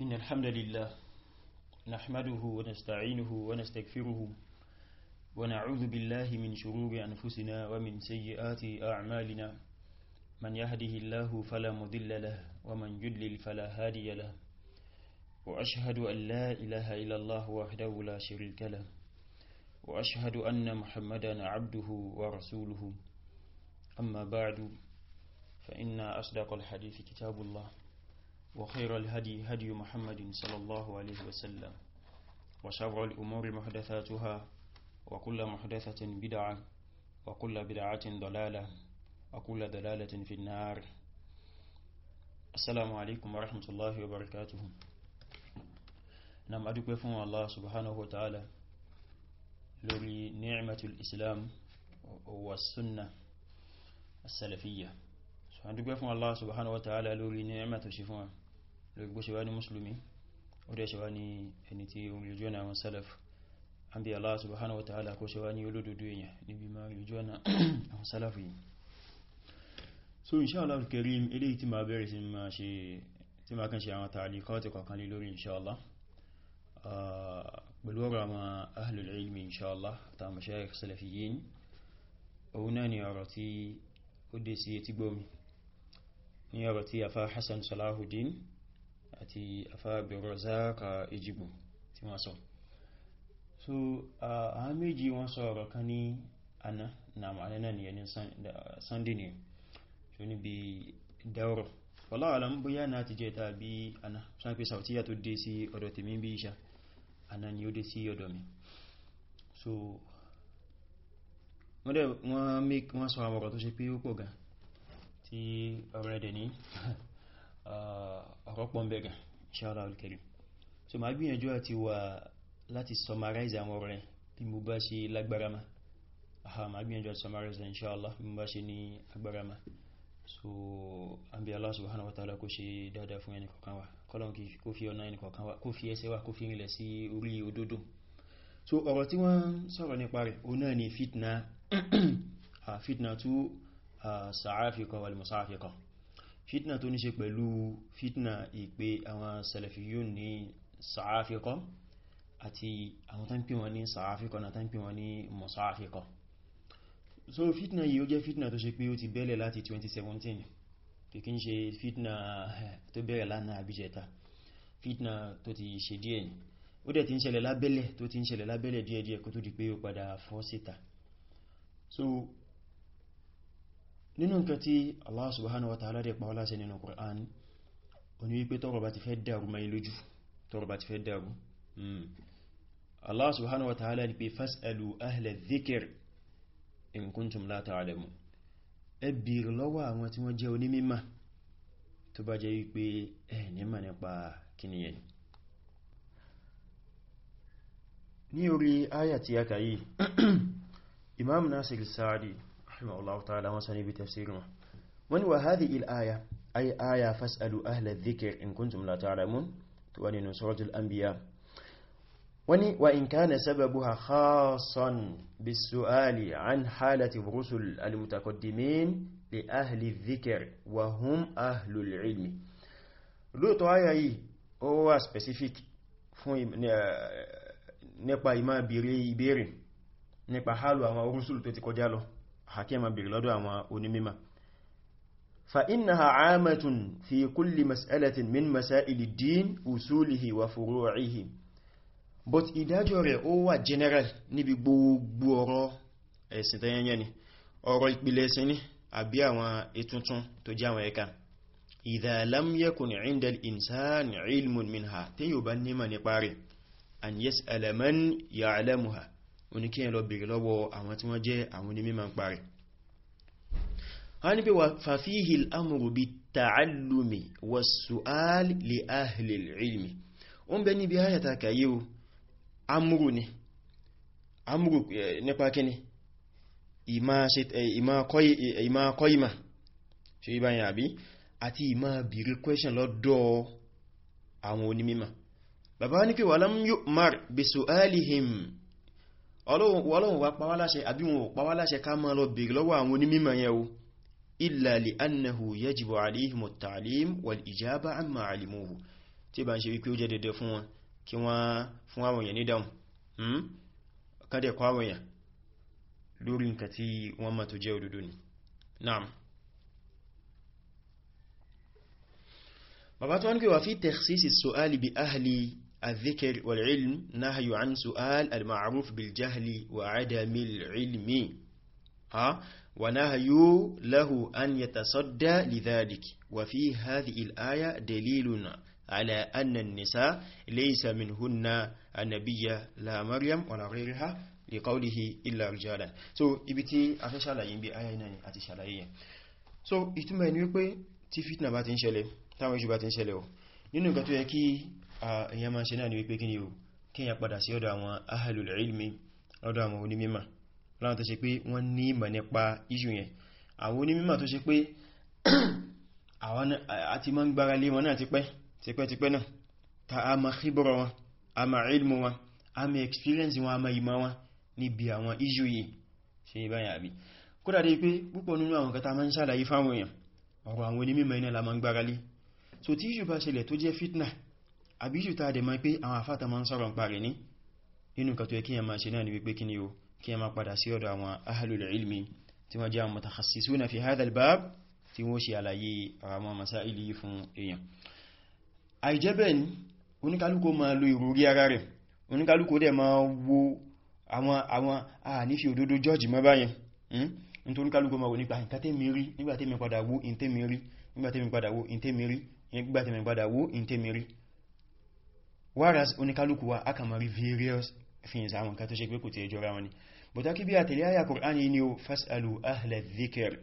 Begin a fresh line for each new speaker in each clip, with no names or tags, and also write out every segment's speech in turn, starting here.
إن الحمد لله نحمده ونستعينه ونستغفره ونعوذ بالله من شرور أنفسنا ومن سيئات أعمالنا من يهده الله فلا مضل له ومن يضلل فلا هادي له وأشهد أن لا إله إلا الله وحده لا شريك له وأشهد أن محمدا عبده ورسوله أما بعد فإن أصدق الحديث كتاب الله وخير الهدي هدي محمد صلى الله عليه وسلم وشرع الأمور محدثاتها وكل محدثة بدعة وكل بدعة ضلالة وكل ضلالة في النار السلام عليكم ورحمة الله وبركاته نعم أدوك بفهم الله سبحانه وتعالى لولي نعمة الإسلام والسنة السلفية سبحانه وتعالى لولي نعمة الشفوان lórí bó ṣe wá ní mùsùlùmí ó dẹ̀ ṣe wá ní ẹni tí ó rí ojú ọ̀nà àwọn salaf an bí Allah subhanahu wa ta'ala kó ṣe wá ní olódodo èèyàn níbi ma rí ojú àwọn salaf yìí so inshallah al-karim eléyìí tí ma bẹ̀rẹ̀ sí ma ṣe tí ma kàn ṣe àwọn tààlì kọ́ọ̀tì kọ̀kan lé lórí inshallah pẹ̀lú ọ̀rọ̀ àwọn ahlul ilmi inshallah ta mashayikh salafiyyin òun náà ni ọ̀rọ̀ tí ó dé ọ̀rọ̀ tí afá Hassan Salahuddin àti afábẹ̀rọ̀ záàkà ìjìbò tí wọ́n sọ so àwọn méjì wọ́n sọ ọ̀rọ̀ kan ní àná na ma'alina ni yanin sunday ne so ni bi dauro wọ́láwọ́lá ń bóyá náà ti jẹta bí àná sáàpé saudiya tó dé sí ọ̀dọ̀ tèmi bí iṣà àná ni ó dé sí ọ̀dọ̀ mi so wọ́n sọ àwọn ọ̀rọ̀ tó ṣe pé ó pọ̀ gan tí ọ̀rẹ́dẹ̀ ní ọ̀rọ̀pọ̀ mẹ́rin inshallah al-karim so ma gbìyànjú àti wà láti summarize àwọn ọ̀rẹ́ bí mo bá ṣe lágbára ma aha ma gbìyànjú àti summarize inshallah bí mo bá ṣe ní agbára ma so an bí Allah subhanahu wa ta'ala kó ṣe dáadáa fún ẹni kọ̀kan wa kọ́lọ̀n kó fi ọ̀nà ẹni kọ̀kan wa kó fi ẹsẹ̀ wa kó fi rìnlẹ̀ sí orí òdodo so ọ̀rọ̀ tí wọ́n sọ̀rọ̀ nípa rẹ̀ o náà ni fitna fitna tu sa'afiqa wal musafiqa fitna tó ní ṣe pẹ̀lú fitna ìpé àwọn salafiyun ní sàáfíkọ́ àti àwọn tán pè wọn ní sàáfíkọ́ na tán pè wọn ní mọ̀sáfíkọ́ so fitna yìí jẹ́ fitna tó ṣe pé ó ti bẹ̀rẹ̀ láti 2017 kìkín ṣe fitna eh, tó bẹ̀rẹ̀ lánàá àbíjẹta fitna tó ti ṣe díẹ̀ ni ó dẹ̀ ti ń ṣẹlẹ̀ lábẹ́lẹ̀ tó ti ń ṣẹlẹ̀ lábẹ́lẹ̀ díẹ̀díẹ̀ kó tó di pé ó padà fọ́ síta so nínú nǹkan tí Allah subhanahu wa ta'ala dẹ̀ pa wá láṣẹ nínú Qur'an ó ní wípé tọ́rọ̀ bá ti fẹ́ dàrú mai lójú tọ́rọ̀ bá ti fẹ́ dàrú hmm. Allah subhanahu wa ta'ala ní pé fas'alu ahla dhikr in kuntum la ta'lamun ẹ bèèrè lọ́wọ́ Imam Nasir Sa'di رحمه الله تعالى وصني بتفسيره من وهذه الآية أي آية فاسألوا أهل الذكر إن كنتم لا تعلمون تواني سورة الأنبياء وإن كان سببها خاصا بالسؤال عن حالة الرسل المتقدمين لأهل الذكر وهم أهل العلم lóòtọ́ آية هو سبيسيفيك wà نبا آه، إما بيري بيري نبا حالو أما الرسل تتكو جالو hakema bèèrè lọ́dọ̀ àwọn onímímà fa innaha aamatun fi kulli mas'alatin min masaili din usulihi wa furu'ihi but ìdájọ́ rẹ̀ ó wà general níbi gbogbo ọ̀rọ̀ ẹ̀sìn tẹ́yẹnyẹ ni ọ̀rọ̀ ìpìlẹ̀ ẹ̀sìn ni àbí àwọn ètùntún tó jẹ́ àwọn ẹ̀ka idha lam yakun 'inda al-insani ilmun minha tí yóò bá nímọ̀ an yas'ala man ya'lamuha oníkíyàn lọ bèèrè lọ́wọ́ àwọn tí wọ́n jẹ́ àwọn onímọ̀ ń parẹ̀ wọ́n ní pé fàfíhì al'amuru bí ta'allumi wa su'al li ahli ilmi o ń bẹ níbi ayata kayi o amuru ni amuru nípa kíni ìmá kọ́ìmá ṣe ìbáyìn àbí àti ìmá bèèrè question lọ́dọ̀ àwọn onímọ̀ bàbá ní pé wà lam yu'mar bi su'alihim ọlọ́run wá pàwá láṣẹ àbí wọn ò pàwá láṣẹ ká máa lọ bèèrè lọ́wọ́ àwọn onímọ̀ yẹn o illa li annahu yajibu alayhim at-ta'lim wal ijaba amma alimuhu tí bá ń ṣe wípé ó jẹ́ dédé fún wọn kí wọ́n fún àwọn èèyàn ní hmm? الذكر والعلم نهي عن سؤال المعروف بالجهل وعدم العلم ها ونهي له أن يتصدى لذلك وفي هذه الآية دليل على أن النساء ليس منهن النبي لا مريم ولا غيرها لقوله إلا رجالا so ibiti tí a bí ayá iná ni a ti yẹn so ìtumọ̀ ni wípé tí fitna bá ti ń ṣẹlẹ̀ táwọn ìṣù bá ti ń ṣẹlẹ̀ ọ̀ nínú nǹkan tó yẹ kí èyàn máa ṣe náà ni wípé kí ni o kí èyàn padà sí ọ̀dọ̀ àwọn ahalul ilmi ọ̀dọ̀ àwọn onímímà láwọn tó ṣe pé wọ́n ní ìmọ̀ nípa iṣu yẹn àwọn onímímà tó ṣe pé àwọn àti máa ń gbára lé wọn náà tipẹ́tipẹ́ náà ta a ma khibra wọn a ma ilmu wọn a ma experience wọn a ma ìmọ̀ wọn níbi àwọn iṣu yìí ṣe ìbáyà àbí kódà dé pé púpọ̀ nínú àwọn kata máa ń ṣàlàyé fáwọn èèyàn ọ̀rọ̀ àwọn onímímà iná la máa ń gbára lé so tí iṣu bá ṣẹlẹ̀ tó jẹ́ fitna àbí ìṣù tàà dẹ̀ mọ́ pé àwọn àfáàtà ma ń sọ̀rọ̀ ń parí ní nínú kàtò ẹ kí ẹ máa ṣe náà ni wípé kí ni o kí ẹ máa padà sí ọ̀dọ̀ àwọn ahlul ilmi tí wọ́n jẹ́ àwọn mutakhasisuna fi hadha al-bab tí wọ́n ṣe àlàyé àwọn masáìlì fún èèyàn àìjẹ́bẹ̀ ni oníkálùkù máa lo ìròrí ara rẹ̀ oníkálùkù dẹ̀ máa wo àwọn àwọn ànífi òdodo george mọ́ báyẹn hmm? nítorí kálùkù máa wo nípa ìntẹ́mìrí whereas oníkálùkù wa aka mari various things àwọn kan tó ṣe pé kò tí ẹjọ́ ra wọn ni but a bí àtẹ̀lé àyà Kùránì ni o fasalu ahla dhikr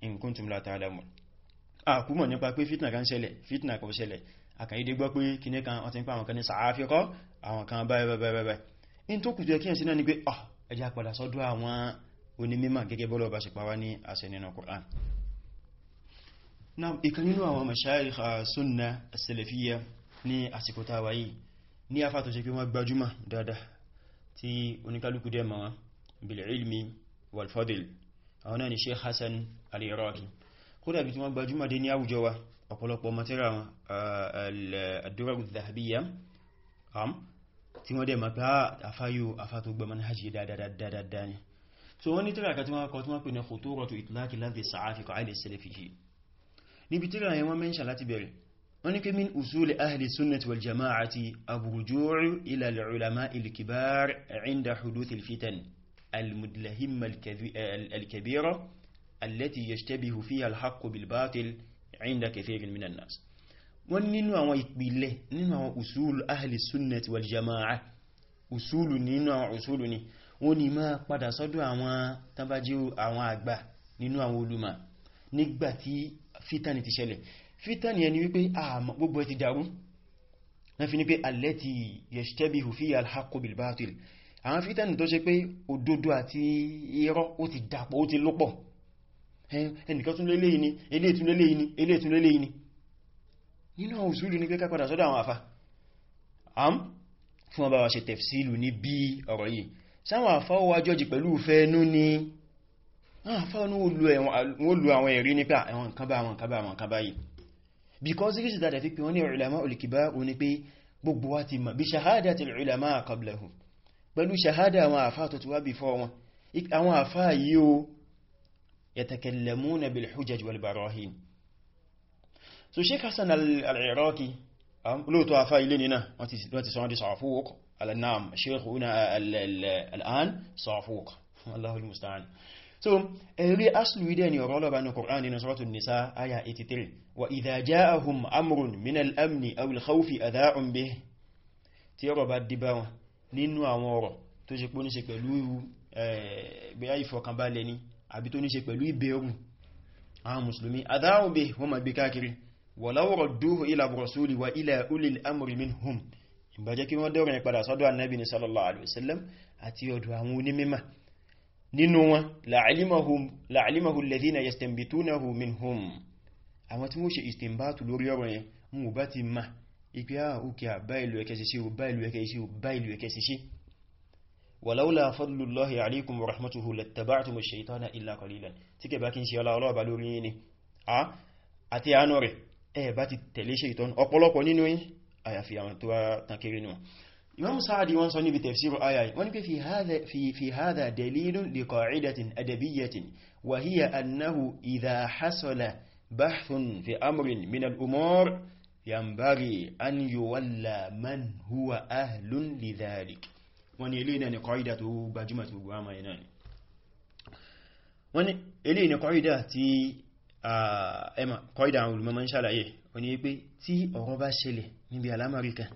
in kuntum la fitna kan ṣẹlẹ̀ fitna kan ṣẹlẹ̀ àkàyídé gbọ́ pé kíní kan ọtí ń pa àwọn kan ní ni pé ah ẹjá padà sọ́dọ̀ àwọn onímímọ̀ gẹ́gẹ́ bọ́lọ̀ bá ṣe pàwá ní àṣẹ nínú Kùránì na ìkan nínú ní afá tó ṣe pé wọ́n gbajúmọ̀ dáadáa tí oníkálukú dẹ̀ ma bil ilmi wal fadl àwọn náà ni Sheikh Hassan al-Iraqi kódà bí tí wọ́n gbajúmọ̀ dé ní àwùjọ wa ọ̀pọ̀lọpọ̀ matera al-durarud dhahabiyya tí wọ́n dẹ̀ ma pé ah, àfáyò afá tó gbọmọ ní hajji dáadáa ni so wọ́n ní kí min usuli ahli sunnati wal jama'ati aburuju'u ila al'ulama ilkibar inda huduthi alfitan almudlahimma alkabira allati yashtabihu fiha alhaqqu bilbatil inda kathirin min annas wọ́n nínú àwọn ìpìlẹ̀ nínú àwọn usulu ahli sunnati wal jama'a usulu nínú àwọn usulu ni wọ́n ní máa padà sọ́dọ̀ àwọn tabajú fítàní ẹni wípé àmà gbogbo ẹ ti dàrú na fi ní pé allati yashtabihu fiha al-haqqu bil-batil àwọn fítàní tó ṣe pé òdodo àti irọ́ ó ti dàpọ̀ ó ti lọ́pọ̀ ẹnìkan tún lélé ìní elé tún lélé ìní elé tún lélé ìní nínú àwọn òṣùlù ní pé ká padà sọ́dọ̀ àwọn àfà am fún ọba wa ṣe tẹ̀fsílù ní bí ọ̀rọ̀ ni àfà ní ó àwọn ẹ̀rí nípa àwọn nǹkan bá àwọn nǹkan bá àwọn because reason that i fi pé wọ́n ní ulama olùkìbá o ní pé gbogbo wa ti mọ̀ bí ṣahádà ulama qablahum pẹ̀lú ṣahádà àwọn àfá tó ti wá bí fọ́ wọn àwọn o yatakallamuna bil hujaj wal barahin so sheikh hassan al-iraqi lóòtọ́ àfá ilé nínà wọ́n ti sọ́wọ́n di sàfúwọ́k alannam sheikh una al'an sàfúwọ́k allahul musta'an so ẹ̀rí aslu ìdẹ́ ni ọ̀rọ̀ ọlọ́bàá ní Qur'an nínú suratul nisa aya 83 wa idha ja'ahum amrun min al-amni aw al-khawfi adha'un bih tí ọ̀rọ̀ bá dìbà wọn nínú àwọn ọ̀rọ̀ tó ṣe pé ní ṣe pẹ̀lú bóyá ìfọ̀kànbalẹ̀ ni àbí tó ní ṣe pẹ̀lú ìbẹ̀rù àwọn mùsùlùmí adha'un bih wọ́n ma gbé káàkiri walaw radduhu ila rasuli wa nínú wọn la'alimahu alladhina yastanbitunahu minhum àwọn tí wọ́n ṣe istinbatu lórí ọ̀rọ̀ yẹn mú bá ti ma ipi a òkè àbá ìlú ẹ̀kẹ́ sí sí òbá ìlú ẹ̀kẹ́ sí òbá ìlú ẹ̀kẹ́ sí sí walaula fadlullahi alaykum wa rahmatuhu lattaba'tum ash-shaytana illa qalilan tí kẹ bá kí n imam sáàdì wọ́n sọ níbi tafsiru ayayi wọ́n ni pé fi hádà dalilun li qa'idatin adabiyyatin wa hiya annahu idha hasala bahthun fi amrin min al'umar yanbaghi an yuwalla man huwa ahlun li dhalik wọ́n ni ilé ni qa'ida tó gbajúmọ̀ tó gbáma iná ni wọ́n ni ilé ni qa'ida tí ẹmà qa'ida àwọn olùmọ́mọ́ ń ṣàlàyé wọ́n ni pé tí ọ̀rọ̀ bá ṣẹlẹ̀ níbi alamari kan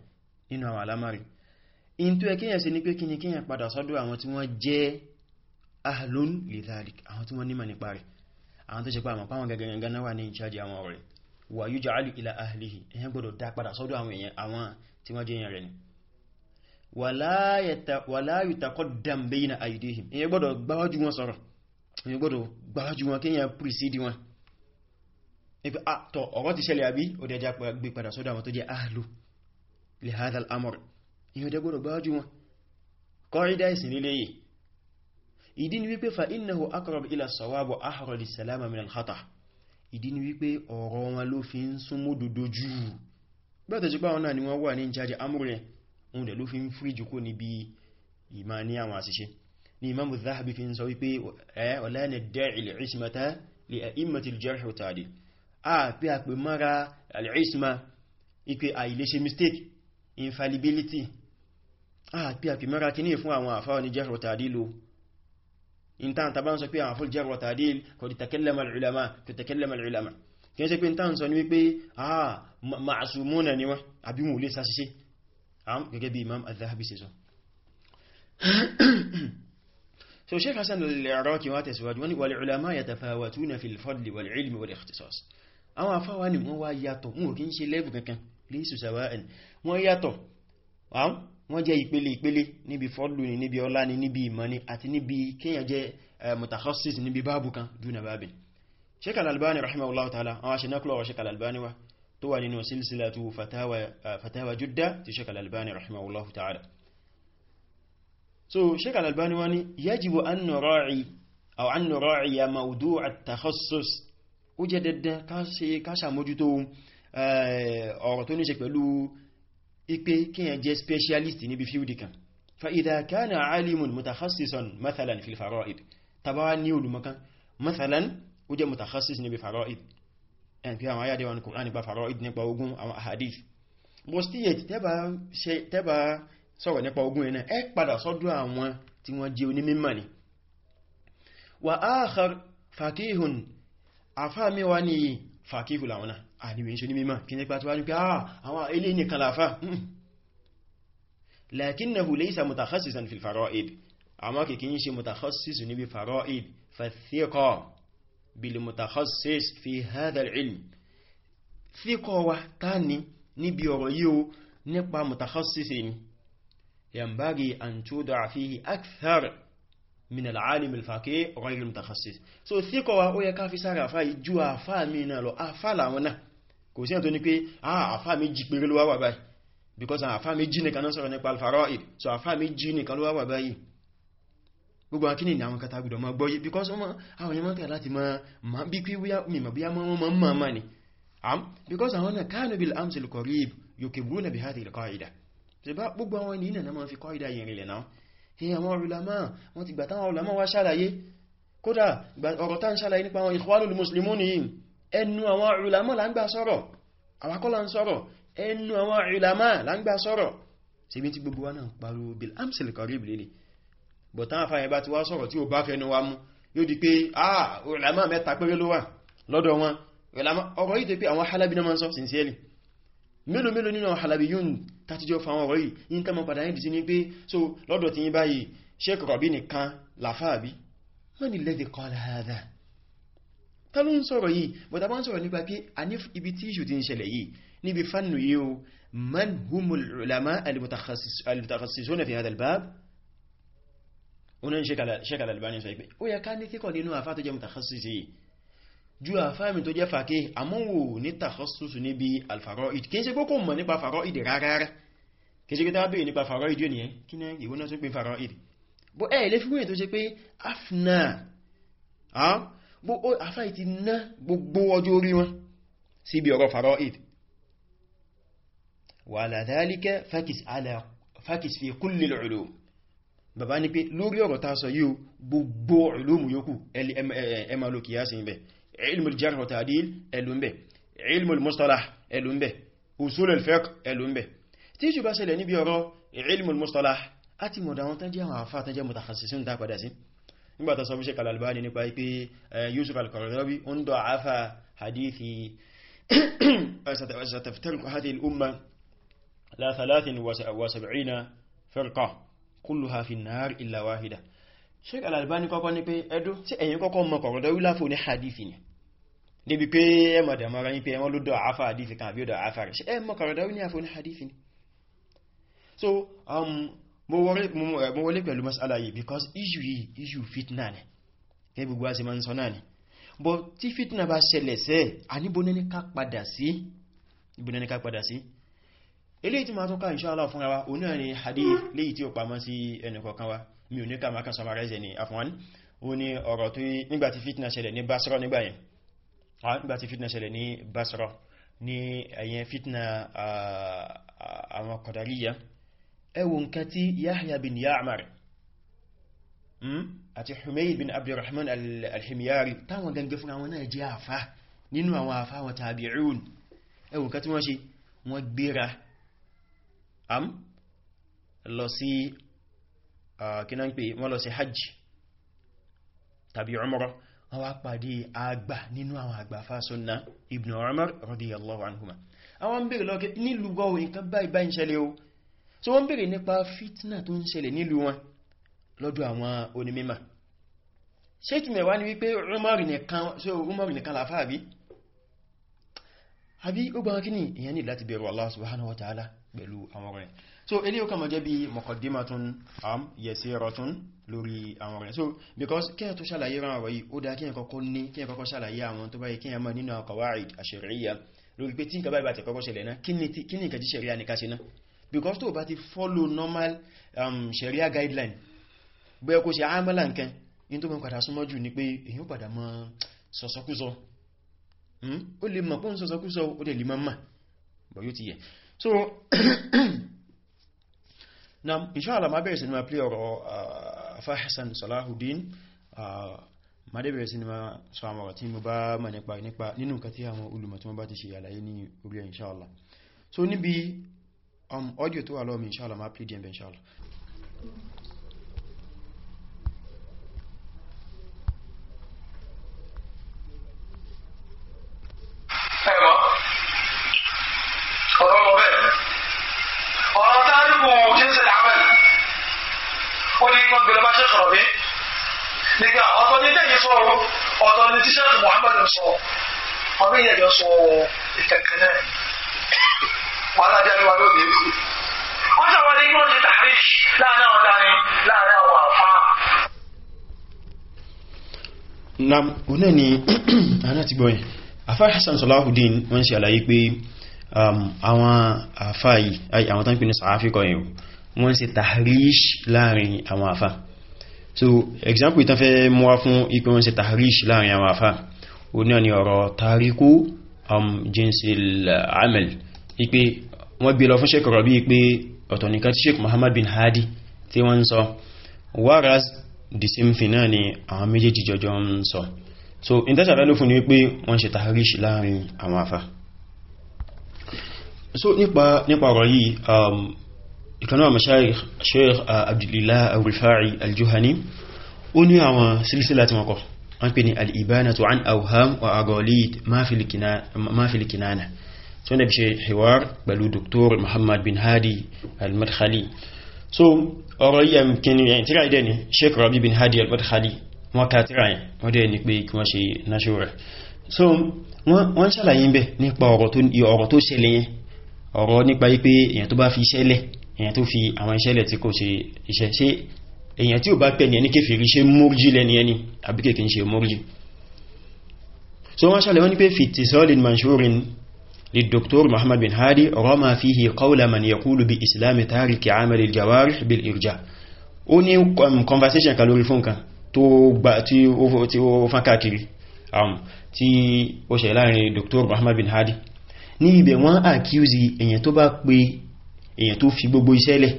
nínú àwọn alamari in tó ẹkíyàn ṣe ní pé kíni kíyàn padà sọ́dọ̀ àwọn tí wọ́n jẹ́ ahlun lidhalik àwọn tí wọ́n nímọ̀ nípa rẹ̀ àwọn tó ṣe pa àmọ̀pá àwọn gẹ̀gẹ̀rẹ̀ gánà wà ní ìṣájì àwọn ọ̀rẹ́ wà yóò jẹ́ alù ilá ahlihi èyàn gbọ́dọ̀ dá padà sọ́dọ̀ àwọn èèyàn àwọn tí wọ́n jẹ́ wala yutaqaddam bayna aydihim èyàn gbọ́dọ̀ gbáwájú wọn sọ̀rọ̀ èyàn gbọ́dọ̀ gbáwájú precede wọn ipe ah tọ ọ̀rọ̀ ti ṣẹlẹ̀ àbí ó dẹja gbé ahlu li hadha èyàn dẹ̀ gbọ́dọ̀ gbájú wọn kọ́rídá ìsìn lílé yìí ìdí ni wípé fa innahu aqrab ila sawab wa ahra lis salama min al khata ìdí ni wípé ọ̀rọ̀ wọn ló fi ń súnmọ́ dodo jù bẹ́ẹ̀tẹ̀ jù báwọn náà ni wọ́n wà ní ìjáde amúrẹ̀ oun dẹ̀ ló fi ń fírí eh, infallibility àpí ah, àpìmọ́ra kí ní fún àwọn àfáwọn ní jarh wa ta'dil in ta ta bá ń sọ pé àwọn fún jarh wa ta'dil kò di takallama al-ulama kò takallama al-ulama kí ní sọ pé ta ń sọ ní wípé àà ah, ma'asumuna ni wọ́n àbí mú lè sàṣíṣe gẹ́gẹ́ bí imam al-Dhahabi ṣe sọ so Shaykh Hasan al-Iraqi wá tẹ̀síwájú wani wal ulama yatafawatuna fil fadli wal ilmi wal ikhtisas àwọn afáwa ni wọ́n wá yàtọ̀ wọn ò kí wọ́n jẹ́ ìpele ìpele níbi fọ́lù ni níbi ọlá ni níbi ìmọ̀ ni àti níbi kíyàn jẹ́ eh, mutakhasis níbi báàbù kan dúnà báàbì Sheikh Al-Albani rahimahullahu ta'ala àwọn ṣe náklọ̀ Sheikh Al-Albani wa tó wà nínú silsilatu fatawa eh, fatawa Judda rahimahullahu ta'ala so Sheikh Al-Albani wa ni yajibu an nura'i aw an nura'i ya mawdu' at-takhassus ó jẹ́ ipe kíyàn jẹ́ specialist níbi fíúdì kan fa idha kana alimun mutakhassisan mathalan fil fara'id tàbá ní olùmọ̀kan mathalan ó jẹ́ mutakhassis níbi fara'id ẹn fi àwọn ayáde wọn kùnrin nípa fara'id nípa ogun àwọn ahadith bostiyet tẹ́bà sọ̀rọ̀ nípa ogun ẹ̀nà ẹ padà sọ́dọ̀ àwọn tí wọ́n jẹ́ onímímọ̀ ni wa akhar fakihun afámiwa ni fàkífù làwọn náà àdìwẹ̀ ìṣẹ́ ní mímọ̀ kí ní pàtí wájú pé àwọn ilé ní kàlàfà lakinnahu laysa mutakhasisan fil fara'id àmọ́ kìkí ń ṣe mutakhassis níbi fara'id fathiqa bil mutakhassis fi hadha al-ilm thiqa wa tani níbi ọ̀rọ̀ yíò nípa mutakhassis ni yambagi an tuda fihi akthar min al'alim al-faqih ghayr al-mutakhassis so thiko wa ó yẹ ká fi sára àfá ìjú àfá mi náà lọ àfá làwọn náà kò sí ẹ̀tọ́ ní pé àfá méjì péré ló wá wà báyìí because àfá méjì nìkan náà sọ̀rọ̀ nípa al-fara'id so àfá méjì nìkan ló wá wà báyìí gbogbo akíní ni àwọn kata gbọdọ̀ ma gbọ́yé because wọ́n àwọn yẹn mọ́tẹ̀ láti ma bí pí mímọ̀ bí a mọ́ mọ́ mọ́ mọ́ ni because àwọn náà kanu bil amsil qarib yukibruna bi hadhihi al-qa'ida ṣe bá gbogbo àwọn ènìyàn náà ma fi kọ́ ìdá yìnrìn lẹ̀ àwọn ulama wọ́n ti gbà táwọn ulama wá ṣàlàyé kódà ọ̀rọ̀ tá ń ṣàlàyé nípa àwọn ikhwanul muslimun yìí ẹnu àwọn ulama là ń gbà sọ̀rọ̀ àwákọ́lá ń sọ̀rọ̀ ẹnu àwọn ulama là ń gbà sọ̀rọ̀ ṣe bí ti gbogbo wa náà pariwo bil amsil qarib lè bọ̀ tán àfàyẹ̀ bá ti wá sọ̀rọ̀ tí ó bá fẹnu wa mú yóò di pé ah ulama mẹ́ta péré ló wà lọ́dọ̀ wọn ọ̀rọ̀ yìí tó pé àwọn halabi náà mọ́ sọ sincerely mélòó mélòó nínú àwọn halabi yóò tàtíjọ́ fáwọn ọ̀rọ̀ yìí yí tán mọ́ padà yìí sí ní pé so lọ́dọ̀ tí yí báyìí Sheikh Rabi nìkan làfáàbí man alladhi qala hadha tá ló ń sọ̀rọ̀ yìí but a bá ń sọ̀rọ̀ nípa pé a ní ibi tí ìṣù ti ń ṣẹlẹ̀ yìí níbi fannu yìí o man humul ulama al-mutakhassisuna fi hadha al-bab onan Sheikh Al-Albani sọ pé ó yẹ ká ní kíkọ̀ nínú àfá tó jẹ́ mutakhassis yìí ju àfáàmì tó jẹ́ fàkí àmúwò ní tàkọ́sùsù níbi alfaroid kí n ṣe kókò mọ̀ nípa faroid rárá kí n ṣe kítà bí nípa faroid yóò nìyẹn kí ní ìwọ́n náà tún pín faroid bó ẹ̀ lè fíwọ́n tó ṣe pé afna bó àfáì ti ná gbogbo ọjọ́ orí wọn síbi ọ̀rọ̀ faroid wala dhalika fakis fi kulli al-ulum bàbá ní pé lórí ọ̀rọ̀ tá sọ yìí gbogbo ulum yòókù ẹmà lókìyà sí ibẹ̀ ilmul jarh wa ta'dil elumbe ilmul mustalah elumbe usul al-fiqh elumbe tí ju bá ṣẹlẹ̀ ní bí ọ̀rọ̀ ilmul mustalah àti mo da wọn tan jẹ́ àwọn afa tan jẹ́ mutakhassisun ta padà sí nígbà tá sọ bí Sheikh al-Albani nípa pé Yusuf al-Qaradawi on do afa hadithi ستفترق هذه الأمة لا ثلاث وسبعين فرقة كلها في النار إلا واحدة Sheikh al-Albani kọ́kọ́ ní pé ẹdú tí ẹ̀yin kọ́kọ́ mọ̀ Qaradawi láfò ní hadithi ni débi pé ẹmọ̀ dàmọ́ra yí pé ẹmọ́ ló dọ̀ àáfà àdífì kan àbí ọdọ̀ àáfà rẹ̀ ṣe ẹmọ́ kàrọ̀dáwí ní àfọ́ ní àdífì ni so um, eh, mo wọlé pẹ̀lú masala yìí because issue yìí issue fitna ni ní gbogbo a sì máa ń sọ náà ni but tí fitna bá ṣẹlẹ̀ sẹ́ àníbónẹ́ni ká padà sí ìbónẹ́ni ká padà sí eléyìí tí ma tún ká insha Allah fúnra wa òun náà ni hadith léyìí tí ó pamọ́ sí ẹnìkọ̀ọ̀kan wa mi ò ní ká ma kan summarize ni afwan ó ní ọ̀rọ̀ tó nígbàtí fitna ṣẹlẹ̀ nígbà tí fitna ṣẹlẹ̀ ní Basra ní ẹ̀yẹn fitna àwọn Qadariyya ẹ wo nǹkan tí Yahya bin Ya'mar hmm, àti Humayr bin Abdurrahman al-Himyari táwọn gangan fún àwọn náà jẹ́ àfá nínú àwọn àfá tabi'un ẹ wo nǹkan tí wọ́n ṣe am lọ sí kí náà ń pè wọ́n lọ hajj tàbí umrah wọ́n wá pàdé àgbà nínú àwọn àgbà fásúnná ibn Umar radiyallahu anhuma àwọn bèèrè lọ́kẹ́ nílùú gọ́wọ́ nǹkan báyìí báyìí ṣẹlẹ̀ o so wọ́n bèèrè nípa fitna tó ń ṣẹlẹ̀ nílùú wọn lọ́dọ̀ àwọn onímímà ṣe tí mẹ́wàá ní wípé Umar nìkan láfáà bí so ele o kama jẹ́ bí muqaddimatun am yasiratun lórí àwọn rẹ̀ so because kí ẹ tó ṣàlàyé ránwà wáyí ó dá kí ẹ kọ́kọ́ ní kí ẹ kọ́kọ́ ṣàlàyé àwọn tó báyìí kí ẹ mọ̀ nínú qawaid ash-shar'iyya lórí pé tí nǹkan báyìí bá ti kọ́kọ́ ṣẹlẹ̀ náà kí ni nǹkan tí ṣẹ̀ríà ní ká ṣe náà because tó bá ti follow normal um, Sharia guideline bóyá kó ṣe àmàlà nǹkan in tó mọ́ padà súnmọ́ jù ní pé èyàn padà mọ́ sọ̀sọ́kúsọ hmm? ó lè mọ̀ pọ́n sọ̀sọ́kúsọ ó lè lè mọ́ mọ́ bọ̀ yóò ti yẹ so na inshallah ma bẹ̀rẹ̀ sí ni ma play ọ̀rọ̀ afa ah, Hassan Salahuddin ah, ma dẹ̀ bẹ̀rẹ̀ sí ni ma sọ àwọn ọ̀rọ̀ tí mo bá ma nípa nípa nínú nǹkan tí àwọn olùmọ̀ tí mo bá ti ṣe àlàyé ní orí inshallah so níbi um, audio tó wà lọ́wọ́ mi inshallah ma play dmb inshallah
ọ̀tọ̀ ni tíṣẹ́ẹ̀tì Muhammadu sọ ọmọ ìyẹn jọ sọ ìkẹ̀kẹ́ náà wàhálà bí ariwo ló dé. wọ́n sọ wọlé igbó ti tàbí láàrin àwọn dání láàrin àwọn àfa.
na oní ni àná ti gbọ́ yẹn àfá Hassan Salahuddin wọ́n ṣe àlàyé pé um, àwọn àfá yìí àwọn tán pè ní sàáfíkọ̀ yìí wọ́n ṣe tahrish láàrin àwọn àfá so example ìtàn fẹ́ mú wá fún ipin wọn ṣe tahrish láàrin àwọn afá o náà ni ọ̀rọ̀ tariku am um, jinsil amal ipe wọ́n bi lọ fún sheik rọ̀bí pé ọ̀tọ̀ nìkan tí sheik muhammad bin hadi tí wọ́n ń whereas the same thing náà ni àwọn méjèèjì jọjọ ń sọ so in tẹ́sà fẹ́ ló fún ni wípé wọ́n ṣe tahrish láàrin àwọn afá so nípa nípa ọ̀rọ̀ yìí um, ìkanú àwọn mashayikh sheikh uh, abdullillah abulfa'i aljuhani ó ní àwọn silsila tí wọ́n kọ wọ́n pè ní al'ibanatu an awham wa agolid mafilikinana tí wọ́n da bí ṣe hiwar pẹ̀lú dr muhammad bin hadi al-madkhali so ọ̀rọ̀ yíya mkini um, yẹn eh, tíra idẹ ni sheikh rabi bin hadi al-madkhali wọ́n ka tíra yẹn wọ́n dẹ̀ ní pé kí wọ́n ṣe náṣúra so wọ́n ṣàlàyé ń nípa ọ̀rọ̀ tó ṣẹlẹ̀ yẹn ọ̀rọ̀ nípa yí pé èyàn tó bá fi ṣẹlẹ̀ èyàn tó fi àwọn iṣẹ́ lẹ̀ tí kò ṣe iṣẹ́ ṣe èyàn tí ò bá pẹ̀ ní ẹni kéfèrí ṣe mórjí lẹ́ni ẹni àbí ń ṣe mórjí so wọ́n ṣàlẹ̀ wọ́n ní pé fìtì sọ́lìn manshurin lè dr muhammad bin hadi rọ́mà fi hì kọ́ùlà man yà kúlù bí islami tàríkì amalil jawar bil irja ó ní um, conversation kan lórí fún kan tó gbà tí ó fán káàkiri tí ó um, ṣe láàrin dr muhammad bin hadi ní ibẹ̀ wọ́n accuse èyàn tó bá pe èyàn tó fi gbogbo iṣẹ́ lẹ̀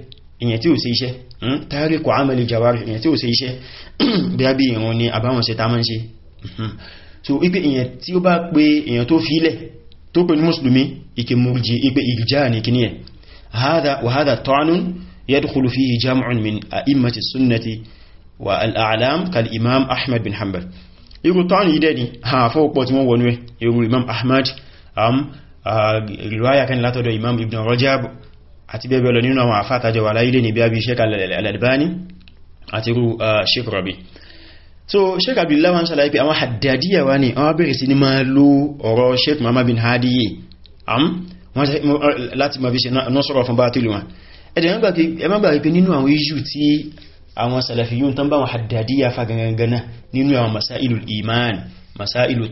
èyàn tí ò ṣe iṣẹ́ hmm, tàríkù amẹ́lì jawari èyàn tí ò ṣe iṣẹ́ bí a bí ìrún ni àbáwọn ṣe ta máa ń ṣe hmm. so ipe èyàn tí ó bá pé èyàn tó fi ilẹ̀ tó pè ní mùsùlùmí ike murji ipe ìrìjá ní kíní ẹ̀ wàhádà tọ́nún yadkhulu fihi jam'un riwaya kan látọ̀dọ̀ imam ibn rajab àti bẹ́ẹ̀bẹ́ẹ̀ lọ nínú àwọn àfáàtàjọ wà láyé ní bí i Sheikh al àti irú uh, Sheikh Rabi so Sheikh Abdullah wọ́n ṣàlàyé pé àwọn Haddadiyya wá ní àwọn bẹ̀rẹ̀ sí ní máa lo ọ̀rọ̀ Sheikh Muhammad bin Hadi uh, láti ma fi ṣe nọ́sọ̀rọ̀ fún bátìlù wọn ẹ̀dẹ̀ ẹ má gbàgbé pé nínú àwọn iṣu tí àwọn salafiyun tán bá wọn Haddadiyya fagagagana nínú àwọn masailul iman masailu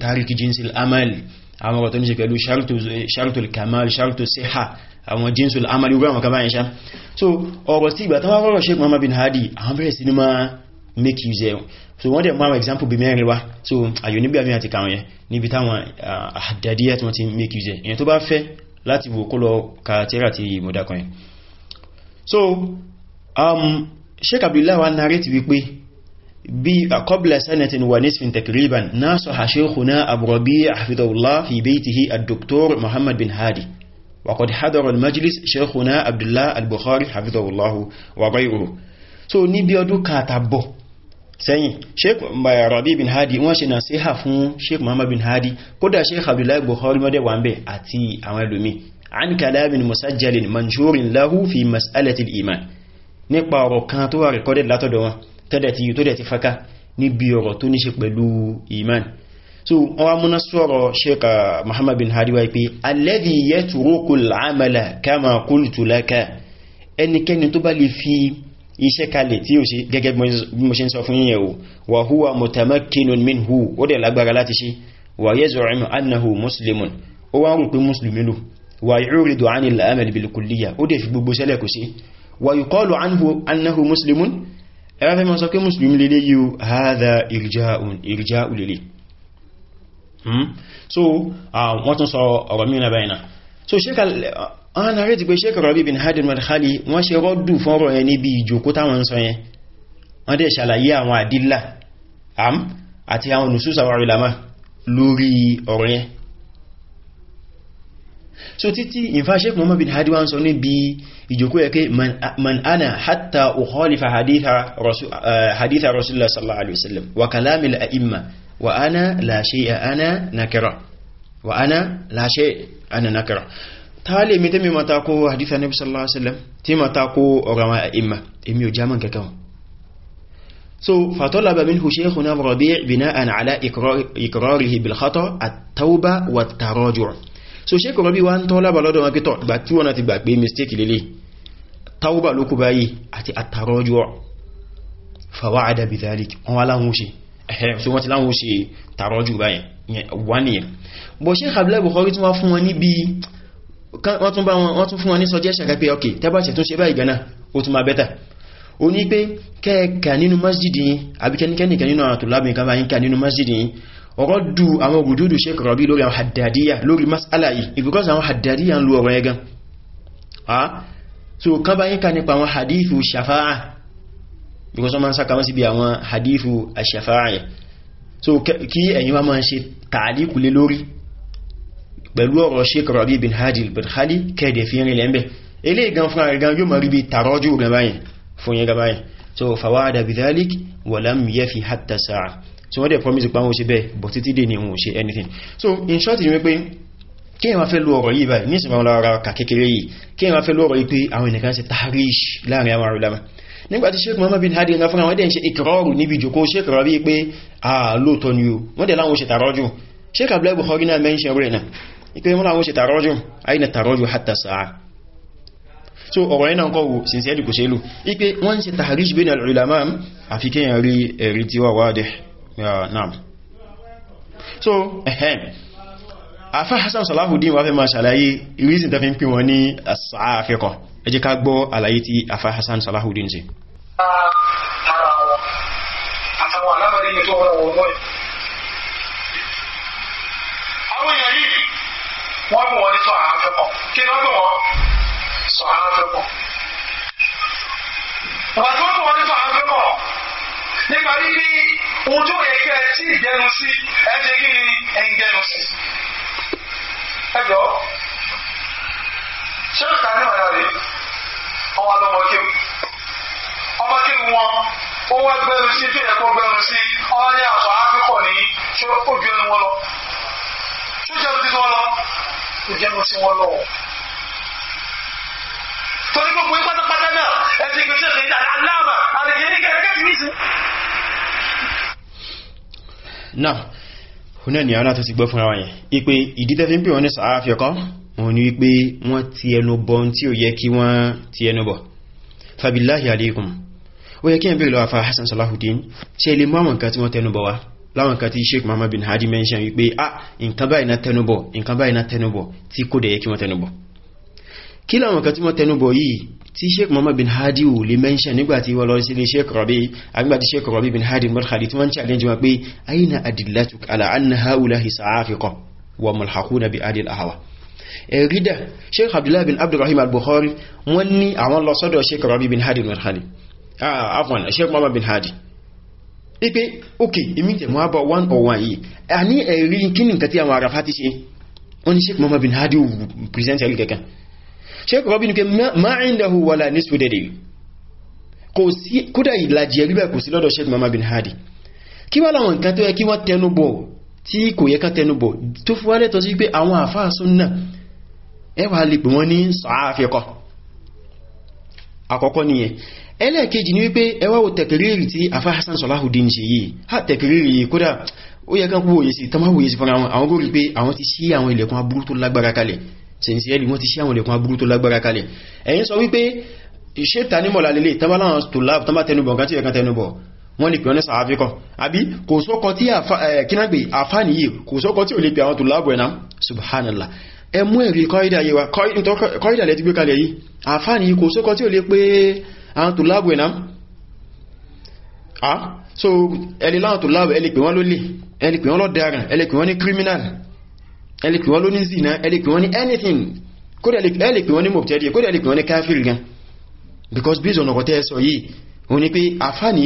àwọn jinsul amali ogun àwọn kaba so ọ̀rọ̀ sí ìgbà tánwà rọrọ̀ Sheikh Muhammad bin Hadi àwọn bẹ̀rẹ̀ sí ni máa make use ẹ̀ so wọ́n dẹ̀ mú àwọn example bí mẹ́rin wá so àyò níbi àmì àti kàwọn yẹn níbi táwọn àdàdíyà tí wọ́n ti make use ẹ̀ ìyẹn tó bá fẹ́ láti wò kó lọ ka tẹ́rà ti mọ̀dákan yẹn so um, Sheikh Abdullah wa narrate wípé bí qabla sanatin wa nisfin takriban nasaha shaykhuna Abu Rabi' hafidhahullah fi baytihi ad-Doktor Muhammad bin Hadi وقد حضر المجلس شيخنا عبد الله البخاري حفظه الله وغيره so ní bí ọdún kàtàbọ̀ sẹ́yìn sheik rabi bin hadi wọ́n ṣe nasiha fún sheik muhammad bin hadi kódà sheik abdullahi bukhari mọ́dẹ̀ wà ń bẹ̀ àti àwọn ẹlòmí an kalamin musajjalin manjurin lahu fi mas'alatil iman nípa ọ̀rọ̀ kan tó wà recorded látọ̀dọ̀ wọn tó dẹ̀ ti faka ní bí ọ̀rọ̀ tó ní ṣe pẹ̀lú iman so wọ́n múná sọ́rọ̀ sheikh uh, muhammad bin hadi wáyé pé alladhi yatruku al-amala kama qultu laka ẹnikẹ́ni tó bá lè fi iṣẹ́ kalẹ̀ tí ó ṣe gẹ́gẹ́ bí mo ṣe ń sọ fún yín o wa huwa mutamakkinun minhu ó dẹ̀ lágbára láti ṣe wa yaz'umu annahu muslimun ó wá rò pé mùsùlùmí lò wa yuridu 'ani al bil kulliyya ó dẹ̀ fi gbogbo sẹ́lẹ̀ kò sí wa yuqalu anhu annahu muslimun ẹ̀rọ fẹ́ mọ́ sọ pé mùsùlùmí lélẹ́yìí o hadha irja'un irja'u lélẹ́yìí Hmm? so uh, wọ́n tún sọ ọ̀rọ̀ mìíràn báyìí so sheik an rẹ̀ ti pé sheik Rabi bin Hadin al-Madkhali wọ́n ṣe rọ́dù fọ́rọ̀ yẹn níbi ìjòkó táwọn sọ yẹn wọ́n dẹ̀ ṣàlàyé àwọn àdílà am àti àwọn nùsùsà wà ìlàmà lórí ọ̀rọ̀ yẹn so títí ìfà sheik Muhammad bin Hadi wọ́n sọ níbi ìjòkó yẹ pé man ana hatta ukhalifa haditha uh, rasulullah وأنا لا شيء أنا نكرة وأنا لا شيء أنا نكرة تالي متى ما تقو حديث النبي صلى الله عليه وسلم تما تقو أرما إما إما جامن كم so فطلب منه شيخنا ربيع بناء على إقرار إقراره بالخطأ التوبة والتراجع so شيخ الربيع وان طلب لدو ما كتو باتي وانا تبا بي مستيك للي توبة لكو أتي التراجع فوعد بذلك وعلى موشي so wọ́n ti láwọn ṣe tààrọ jù báyìí wà ní ẹ̀ bọ̀ ṣe àbílẹ̀ Bukhari tún wá fún wọn níbi wọ́n tún bá wọn tún fún wọn ní suggestion pé ok tẹ́bàṣẹ̀ tún ṣe báyìí gánà ó tún ma bẹ́tà ó ní pé kẹ́ẹ̀kà nínú masjid yìí du àwọn ògùdúdù Sheikh Rabi lórí àwọn haddadiya lórí masala yìí ìbíkọ́sì àwọn haddadiya ń lo ọ̀rọ̀ ah, so kan báyìí kà nípa hadithu shafa'a because wọ́n máa ń sáka wọ́n sí bí àwọn hadithu ash-shafa'a so kí ẹ̀yin wá máa ṣe tààlíkù lé lórí pẹ̀lú ọ̀rọ̀ Sheikh bin Hadi al-Badkhali kẹ́ẹ̀dẹ̀ fi rìn lẹ́m̀bẹ̀ ilé ìgan fún àrígan yóò máa rí bí tàrọ́jú rẹ̀báyìn fún yẹn rẹ̀báyìn so fawada bidhalik wa lam yafi hatta sa'a so promise pa wọn ṣe anything so in short ni wípé kí ẹ máa fẹ́ lú ọ̀rọ̀ yìí báyìí ní ìsìnkú àwọn ará kàkékeré yìí kí ẹ máa fẹ́ lú ọ̀rọ̀ yìí pé àwọn ènìyàn ṣe tahrish láàrin àwọn ará nígbàtí sheik muhammad bin hadi na fúnra wọ́n dẹ̀ ń ṣe ìkìrọrù níbi ìjòkó sheik rabi pé àlóòtọ́ ni o wọ́n dẹ̀ láwọn ṣe tààrọ́jù sheik abdullahi buhari náà mẹ́ṣẹ́ rẹ̀ náà ipe wọ́n láwọn ṣe tààrọ́jù so ọ̀rọ̀ yìí náà kọ́ wo sincerely kò ṣe lò ipe wọ́n ṣe tahrij bin al-ulama àfi so ehem afá hassan salahuddin wá fẹ́ máa ṣàlàyé reason tafin pín wọn ní as-sa'a ẹ jẹ́ ká gbọ́ àlàyé tí afa Hasan Salahuddin ṣe.
àtàwọn alábàárẹ̀ yìí tó wọ́n wọ́n wọ́n àwọn èèyàn ni wọ́n mú wọn sọ àáfẹ́ pọ̀ wọ́n tó mú wọn ní sọ àáfẹ́ pọ̀ nípa wípé ohun tó yẹ kí ẹ tí ì gbẹnu sí ẹ ṣe kí sí ẹ ṣé ló ta ní ọ̀yà rẹ̀ ọmọ alọ́mọ kéwù ọmọ kéwù wọn ó wá gbẹrun sí bí ẹ̀kọ́ gbẹrun sí ọmọ ní àṣọ áfíkọ̀ ní ṣé ó ju ẹnu wọn lọ ṣé jẹun ti wọn lọ ó jẹun sí wọn lọ. torí gbogbo yín pátápátá náà ẹ ti gbèsè ṣe ìjà aláàbà àlejò ní kẹrẹkẹ ti ní sí.
náà hunẹ́ ni àwọn àti ti gbọ́ fúnra wọn yẹn ipe ìdí tẹ́fí ń pè wọ́n ní sàárà fi ọkọ́ wọn ni wípé wọ́n ti ẹnu bọ tí ó yẹ kí wọ́n ti ẹnu bọ̀ fabillahi alaykum ó yẹ kí ẹ̀bẹ̀rẹ̀ lọ àfà Hassan Salahuddin tí ẹ lè mọ́ àwọn nǹkan tí wọ́n tẹnu bọ̀ wá láwọn nǹkan tí Sheikh Muhammad bin Hadi mention wípé ah nǹkan báyìí na tẹnu bọ̀ nǹkan báyìí na tẹnu bọ̀ tí kò dẹ̀ yẹ kí wọ́n tẹnu bọ̀ kí láwọn nǹkan tí wọ́n tẹnu bọ̀ yìí tí Sheikh ẹ̀rí dẹ̀ sheikh abdullahi bin abdulrahim al-bukhari wọ́n ní àwọn lọ sọ́dọ̀ sheikh rabi bin hadi al-hadi ah, afwan sheikh muhammad bin hadi ipe ok imi tẹ̀ mọ́ abọ̀ one or one yìí a ní ẹ̀rí kí ni nǹkan tí àwọn arafa ti ṣe wọ́n ní sheikh muhammad bin hadi wù present ẹ̀rí kankan sheikh rabi ni pé ma indahu wala nisfu dẹ̀dẹ̀ kò sí kódà ìlàjì ẹ̀rí bẹ́ẹ̀ kò sí lọ́dọ̀ sheikh muhammad bin hadi kí wọ́n láwọn nǹkan tó yẹ kí wọ́n tẹnu bọ̀ tí kò yẹ ká tẹnubọ̀ tó fi wálẹ̀ tọ́ sí pé àwọn àfáà súnnà ẹwà lè pè wọ́n ní sàáfikọ́ àkọ́kọ́ nìyẹn ẹlẹ́ẹ̀kejì ni wípé ẹwà wo tẹ̀kìrìrì tí afá Hassan Salahuddin ṣe yìí ha tẹ̀kìrìrì kódà ó yẹ kán wòye sí tán wòye sí fún àwọn àwọn górí pé àwọn ti ṣí àwọn ilẹ̀kùn aburú tó lágbára kalẹ̀ wọ́n lè pè ọ́nà sàáfíkọ́ àbí kò sọ́kọ́ tí kínágbé àfáàní yìí kò sọ́kọ́ tí ò lè pè àwọn tó lábọ̀ ẹ̀nà subhanallah ẹmú ẹ̀rí kọ́ìdà yíwa kọ́ìdà lẹ́ti gbé kalẹ̀ yìí àfáàní yìí kò sọ́kọ́ tí ò lè pè àwọn tó lábọ̀ ẹ̀nà ah so ẹni láwọn tó lábọ̀ ẹni pè wọ́n ló lè ẹni pè criminal ẹni pè wọ́n ló ní zina anything kódà ẹni pè wọ́n ní mọ̀tẹ́dì kódà ẹni pè because based on ọ̀kọ̀tẹ́ sọ yìí òun pé àfáàní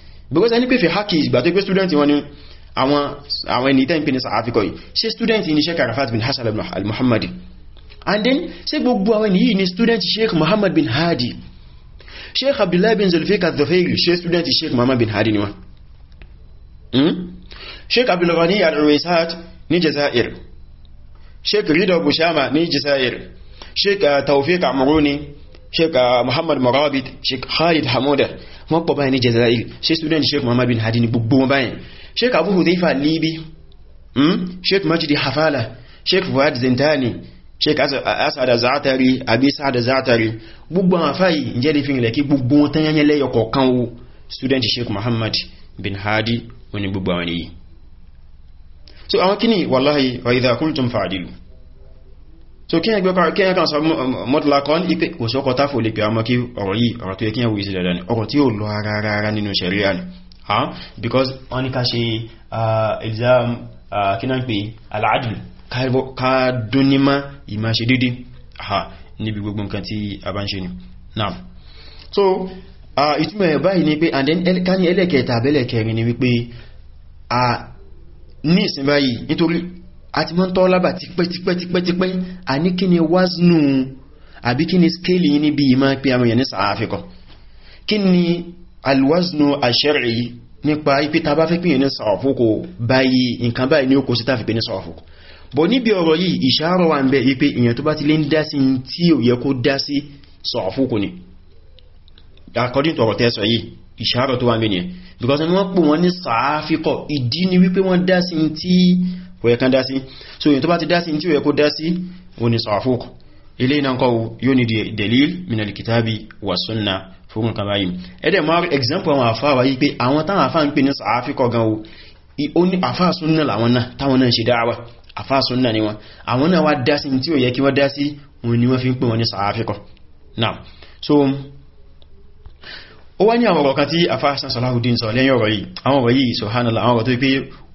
because ẹni pé fi haki ìgbà tó pé student wọn ni àwọn ẹni tẹ́ ń pè ní sàáfikọ̀ yìí ṣe student ni sheikh arafat bin hassan al-muhammadi and then ṣe gbogbo àwọn yìí ni student sheikh muhammad bin hadi sheikh Abdullah bin zulfika al-dhufairi ṣe student sheikh muhammad bin hadi ni wọn hmm? sheikh abdullawani al-ruwaisat ní jazair sheikh rido bushama ní jazair sheikh eh, tawfiq amuruni sheik uh, muhammad morabit sheik khalid hamuda wọ́n pọ̀ báyìí ní jazair sheik student sheik muhammad bin hadi ní gbogbo wọn báyìí sheik abu hudhaifa libi hmm? sheik majidi hafala sheik fuad zintani sheik asada zaatari abi sada zaatari gbogbo àwọn afáyì jẹ́ lè fi rìnlẹ̀ kí gbogbo wọn tán yányẹ́ lẹ́yọ kọ̀ọ̀kan wo student sheik muhammad bin hadi gbogbo àwọn èyí so àwọn kíni wallahi wa idha qultum fa'dilu so kí ẹgbẹ́ kan sọ mọ́tòlákan ipe kò sọ́kọ̀ táfò lè pè àmọ́ kí ọ̀rọ̀ yìí ọ̀rọ̀ tó yẹ kí ẹwù ìsìlẹ̀ dání ọ̀rọ̀ tí ó lọ ara ara nínú ṣẹ̀ríà ni because wọ́n ní ká ṣe exam kí náà pé aláàdùn ká dún ní má ìmá ṣe dédé níbi gbogbo nǹkan tí a bá ń ṣe ni now so ìtumọ̀ ẹ̀ báyìí ni pé and then ká ní ẹlẹ́kẹ̀ẹ́ta abẹ́lẹ̀kẹ̀rin ni wípé ní ìsìn báyìí nítorí àti mọ́ ń tọ́ lábà tipẹ́tipẹ́tipẹ́ àní kí ni waznu àbí kí ni scale yìí níbi ìmọ̀ pé àwọn èèyàn ní sàáfikọ̀ kí ni alwaznu ash-shar'i nípa ipi ta bá fẹ́ pè ní sàáfókò báyìí nǹkan báyìí ní ó kò sí tàfi pè ní sàáfókò bọ̀ níbi ọ̀rọ̀ yìí ìṣàárọ̀ wà ń bẹ wípé èèyàn tó bá ti lé ń dá sí tí ò yẹ kó dá sí sàáfókò ni according to ọ̀rọ̀ tẹ́sọ̀ yìí ìṣàárọ̀ tó wà ń bẹ nìyẹn because wọ́n pò wọ́n ní sàáfikọ̀ ìdí ni wípé wọ́n dá sí tí kò yẹ kán so èyí tó bá ti dá sí tí ó yẹ kó dá sí ó ní sọ̀fúkù ilé iná delil minal kitabi wa sunna fún nǹkan báyìí ẹ̀dẹ̀ mọ́ example àwọn àfá wáyé pé àwọn táwọn àfá ń pè ní sàáfíkọ̀ gan o ó ní àfá sunna làwọn náà táwọn náà ṣe dáwà àfá sunna ni wọn àwọn náà wá dá sí tí ó yẹ kí wọ́n dá sí wọn ni wọ́n fi ń pè wọn ní sàáfíkọ̀ now so ó wá ní àwọn kan tí àfá Hasan Salahuddin sọ lẹ́yìn ọ̀rọ̀ yìí àwọn ọ̀rọ̀ yìí subhanallah àwọn ọ̀rọ̀ tó pé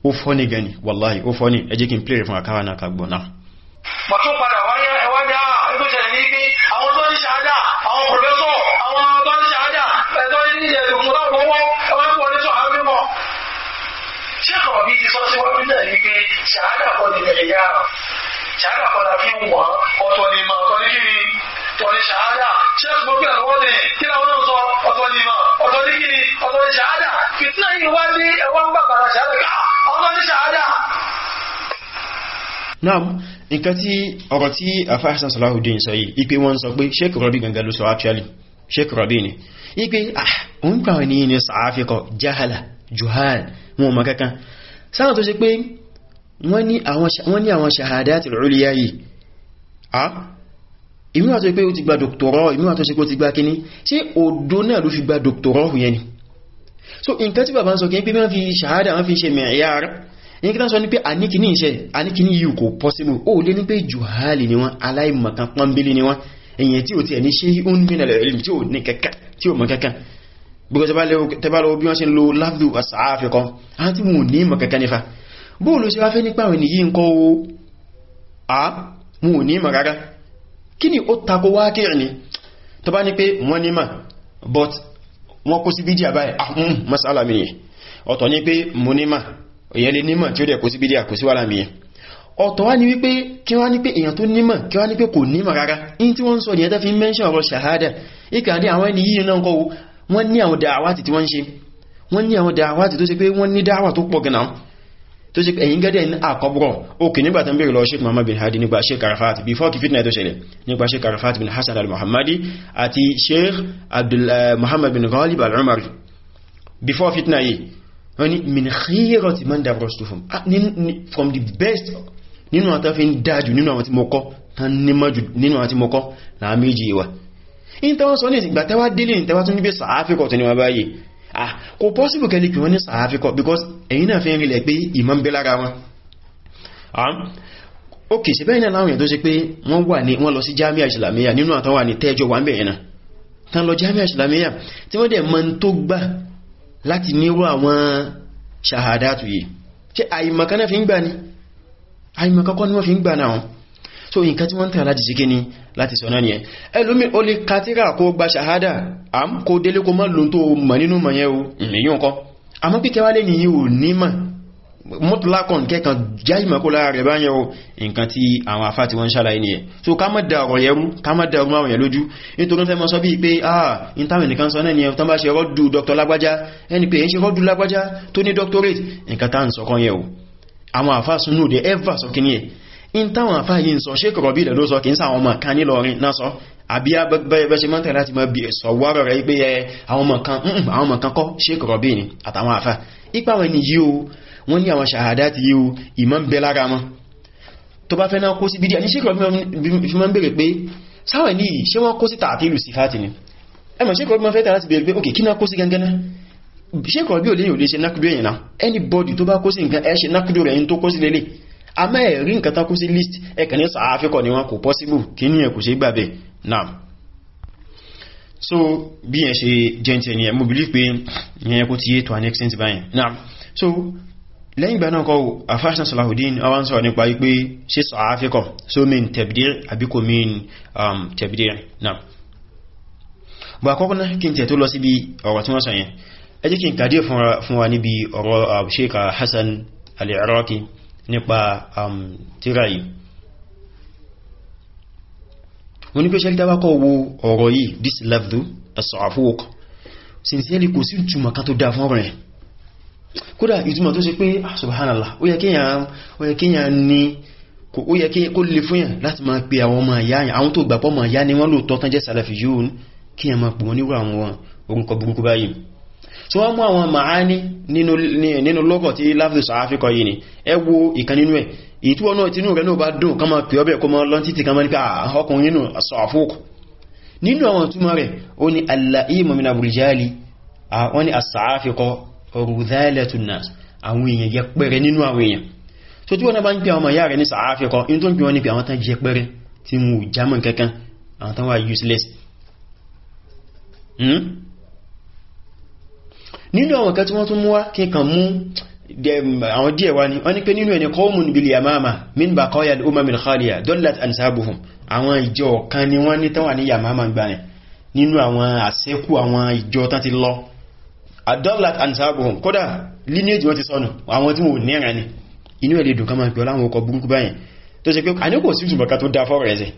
ó fọ́nì gani wàláhì ó fọ́nì ẹ jẹ́ kí n play rẹ̀ fún àkáwà náà kagbọ́ náà
mọ̀ tún padà wáyé ẹwádá ah, ẹgbẹ́sẹ̀lẹ̀ ní pé àwọn tó ní ṣáádà àwọn pòfẹ́sọ̀ àwọn tó ní ṣáádà ẹ̀tọ́ ní ẹ̀dùnkún láwọ́wọ́ ẹwọ́n pọ̀ ní sọ̀hán mímọ̀ ṣé kọ̀ọ̀ bí ti sọ síwájú náà ní pé ṣáádà kọ́ ní ẹ̀yà ṣáádà padà fi ń wọ́n ọ̀tọ̀ ní ìmọ̀ ọ̀tọ̀ ní kíni ọ̀tọ̀ ní ṣáádà ṣé gbogbo ẹ̀ ni kí làwọn náà sọ ọ̀tọ̀ ní ìmọ̀ ọ̀tọ̀ ní kíni ọ̀tọ̀ fìtínà yìí wá ní ẹwà ń bàbàrà ṣáádà àwọn tó ní ṣàádá
náà nǹkan tí ọ̀rọ̀ tí afáṣán Salahuddin sọ yìí ipé wọ́n sọ pé Sheikh Rabi gangan ló sọ actually Sheikh Rabi ni ipé ah òun gbà ní ní sàáfikọ̀ jahala juhal wọn ma kankan sáà tó ṣe pé wọ́n ní àwọn shahadatul ulya yìí ah ìmú àtọ́ pé ó ti gba dòktorọ́ ìmú àtọ́ ṣe pé ó ti gba kíní ṣé òdó náà ló fi gba dòktorọ́ yẹn ni so nǹkan tí bàbá ń sọ kí n pé wọ́n fi ṣàhádà wọ́n fi ṣe mẹ̀yà rẹ̀ kí tán sọ ní pé àníkìní ìṣẹ́ àníkìní yìí kò pọ́sílù ó lé ní pé jùhálì ni wọ́n aláìmọ̀kan pọ́nbílì ni wọ́n èyàn tí ò ti ẹni ṣe ń mìnà lẹ́rìn tí ò ní kankan tí ò mọ̀ kankan gbogbo tẹbálọ bí wọ́n ṣe ń lo lábdù àsáàfikọ́ àwọn tí wọn ò ní mọ̀ kankan nífa bóòlù ṣe wá fẹ́ nípa àwọn ènìyàn a wọn ò ní mọ̀ rárá ni ó takò wákìrì ni but wọ́n kó sí bídíà báyìí ahun hmm, masala mi yẹn ọ̀tọ̀ ni pé mo nímà èyàn lè nímà tí ó dẹ̀ kó sí bídíà kó sí wàhálà mi yẹn ọ̀tọ̀ wá ní wípé kí wá ní pé èyàn tó nímà kí wá ní pé kò nímà rárá in tí wọ́n sọ nìyẹn tó fi ń ọ̀rọ̀ ṣàhádà ìkàdé àwọn tó ṣe pé ẹ̀yìn gẹ́dẹ̀ ní àkọ́bùrọ̀ òkè nígbàtà ń bèèrè lọ Sheikh Muhammad bin Hadi nígbà Sheikh Arafat before kí fitna tó ṣẹlẹ̀ nígbà Sheikh Arafat bin Hassan al-Muhammadi àti Sheikh Abdul eh, Muhammad bin Ghalib al-Umari before fitna yìí wọ́n ni min khirati man dabrostu ah, from the best nínú àwọn tàfí ń dájú nínú àwọn tí mo kọ́ tán nímọ̀jù nínú àwọn tí mo kọ́ láàmì ìjì ìwà in tàwọn sọ ní ìsìgbà ah kò possible kẹ́lì pé wọ́n ní sàáfí because ẹ̀yin náà fi ń rílẹ̀ pé ìmọ̀ ń bẹ lára wọn ah, ok ṣe bẹ́ẹ̀ náà láwọn èèyàn tó ṣe pé wọ́n wà ní wọ́n lọ sí jamia islamiyya nínú àtọ́ wà ní tẹ́jọ wà ń bẹ̀yẹn náà tán lọ jamia islamiyya tí so nǹkan tí wọ́n ń láti sọ náà nìyẹn ẹlòmí o lè katira kó gba ṣàhádà à ń kó délé kó mọ́ lóun tó mọ̀ nínú mọ̀ yẹn o ìmìyàn kọ́ àmọ́ pé kẹwàá lè nìyí ò ní mọ́tòlákan kẹ́kan já ìmọ̀kó lára rẹ̀ báyẹ̀ o nǹkan tí àwọn afá tí wọ́n ṣàlàyé ni ẹ̀ so ká mọ́ da ọ̀rọ̀ yẹrú ká mọ́ da ọgbọ́n àwòyàn lójú nítorí fẹ́ mọ́ sọ bí pé ah intanet nìkan sọ náà ni ẹ̀tọ́ bá ṣe rọ́dù dr lágbájá ẹni pé ẹ̀ ń ṣe rọ́dù lágbájá tó ní doctorate nǹkan tá à ń sọ kan yẹ o àwọn afá sunú de ever sọ kí ni ẹ̀ in táwọn àfáàyè ń sọ ṣe kọ̀rọ̀bí rẹ̀ ló sọ kì í sáwọn ọmọ kan nílọrin náà sọ àbí abẹ́bẹ́ ṣe mọ́ntẹ̀ láti mọ́ bí sọ̀wọ́rọ̀ rẹ̀ pé àwọn ọmọ kan kọ́ ṣe kọ̀rọ̀bí ni àtàwọn àfá ipa wọn ni yíò wọ́n ní àwọn ṣàhádá ti yíò ìmọ̀ ń bẹ lára wọn ni ẹmọ̀ ṣe kọ̀rọ̀bí fẹ́ tà láti bèèrè pé òkè kí náà kó sí gangan náà ṣe kọ̀rọ̀bí ò anybody tó bá kó sí nǹkan ẹ ṣe nákúdó rẹ̀ a má ẹ̀rí nǹkan takú sí list ẹkàn ní sàáfíkọ̀ ah, ni wọn kò possible kí ní ẹkù sí gbàbẹ̀ náà so bí ẹ ṣe jẹ́ntẹ̀ ni ẹ mú believe pé yẹn kó ti yé to an extent báyìí náà so lẹ́yìn ìgbà náà kọ́ afáṣán Salahuddin àwọn sọ nípa wípé ṣe sàáfíkọ̀ so min tabdir àbí kò min tabdir náà bọ̀ àkọ́kọ́ náà kí n tẹ̀ tó lọ síbi ọ̀rọ̀ tí wọ́n sọ yẹn ẹ kí n kàdí fún wa níbi ọ̀rọ̀ um, Sheikh Hasan al-Iraqi nípa um, tíra yìí wọ́n ní pé ṣe dáwákọ̀ wo ọ̀rọ̀ yìí this lafdu as-sa'fuq sincerely kò sí ìtumọ̀ kan tó dá fún ọ̀rẹ́ kódà ìtumọ̀ tó ṣe pé ah, subhanallah ó yẹ kí kó lè fún yàn láti máa pe àwọn ọmọ ìyá àwọn tó gbàpọ̀ ọmọ ìyá ni wọ́n lóòtọ́ tán jẹ́ sàlàfì yóò kíyàn máa pè wọ́n níwọ̀ àwọn orúkọ burúkú báyìí tí wọ́n mú àwọn màání nínú lọ́kọ̀ tí láfíì sàáfíkọ yìí ni ẹ wo ìkan nínú ẹ̀ ìtúwọ́ náà tínú rẹ̀ náà bá dùn kán máa pè ọbẹ̀ kó máa lọ́n títí kán máa nípa ah, ọkùnrin nínú sàáfókù nínú àwọn túnmọ̀ rẹ̀ ó ní aláìmọ̀ min abùrìjáàlì wọ́n ní asàáfíkọ rudhalatun-nas àwọn èèyàn yẹpẹrẹ nínú àwọn èèyàn so tí wọ́n bá ń pè àwọn ìyá rẹ̀ ní sàáfíkọ in tó ń pè wọ́n ní pé nínú àwọn kan tí wọ́n tún mú wá kí kan mú àwọn díẹ̀ wá ní wọ́n ní pé nínú ẹni qawmun bil yamama min baqaya al umam al khaliya dallat ansabuhum àwọn ìjọ kan ni wọ́n ní tán wà ní yamama gbà yẹn nínú àwọn àṣẹ́kù àwọn ìjọ tán ti lọ adallat ansabuhum kódà lineage wọn ti sọnù àwọn tí wọn ò níran ni inú ẹ̀lẹ́dùn kan máa ń pẹ̀ ọláwọn ọkọ̀ burúkú báyẹn tó ṣe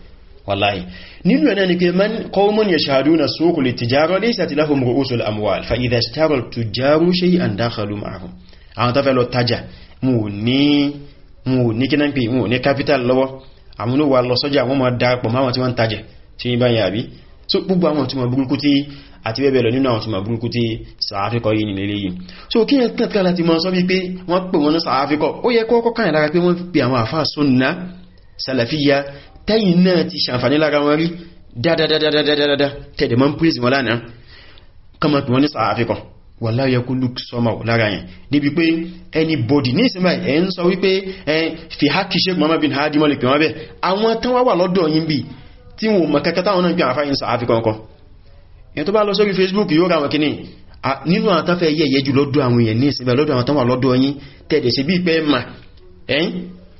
wallahi nínú ẹ̀ náà ni pé man qawmun yashhaduna suuqu lit-tijara laysat lahum ru'usul amwal fa idha ishtara al-tujjaru shay'an dakhalu ma'ahum àwọn tó fẹ́ lọ tajà mú ní mú ní kí náà pé mú ní capital lọ́wọ́ àwọn ló wà lọ sọ́jà wọ́n máa darapọ̀ máwọn tí wọ́n ń tajà tí yí báyìí àbí so gbogbo àwọn tí wọ́n burúkú tí àti bẹ́ẹ̀ bẹ́ẹ̀ lọ nínú àwọn tí wọ́n burúkú tí sàáfíkọ yìí nílé yìí so kí yẹn tàn láti mọ́ sọ wípé wọ́n pè wọ́n ní sàáfíkọ ó yẹ kọ́kọ́ kàn lára pé wọ́n pe àwọn àfáà sunna salafiyya tẹ́yìn náà ti ṣàǹfàní lára wọn rí dáadáadáadáadáa tẹ́dẹ̀ mọ́ ń pèsè wọn lánàá kọmọ̀ tí wọ́n ní sàáfikọ̀ wà láyé kú lùk sọmọ̀ lára yẹn débi pé anybody ní ìsinmi ẹ̀ ń sọ wípé fi hákì Sheikh Muhammad bin Hadi Malik wọn bẹ́ àwọn tán wá wà lọ́dọ̀ yín bí tí wọn mọ̀ kẹta Facebook yóò ra wọn kìíní nínú àwọn tán fẹ́ yẹ̀yẹ́ jù lọ́dọ̀ àwọn èèyàn ní ìsinmi lọ́dọ̀ àwọn tán wà lọ́dọ̀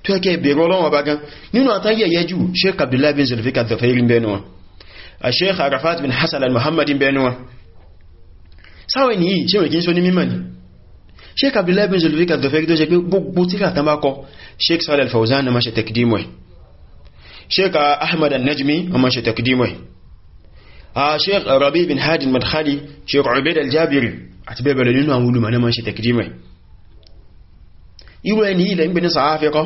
tó yẹ kẹ́ bẹ̀rù Ọlọ́run ọba gan nínú àtàyẹ̀yẹ jù sheikh abdullahi bin zulfikar zafairi bẹnu wọn a sheikh arafat bin hassan al-muhammadin bẹnu wọn sáwọn ènìyàn ṣe wọ́n kí ń sọ ní mímọ̀ ni sheikh abdullahi bin zulfikar zafairi tó ṣe pé gbogbo tí kàtàn bá kọ sheikh salih al-fawzan na maṣe takdimu ẹ̀ sheikh ahmad al-najmi na maṣe takdimu ẹ̀ a sheikh rabi bin hadin madkhali sheikh ubaid al-jabiri àti bẹ́ẹ̀ bẹ̀rẹ̀ nínú àwọn olùmọ̀ na maṣe takdimu irú ẹni ilẹ̀ ń gbẹ̀ ní sàáfẹ́kọ́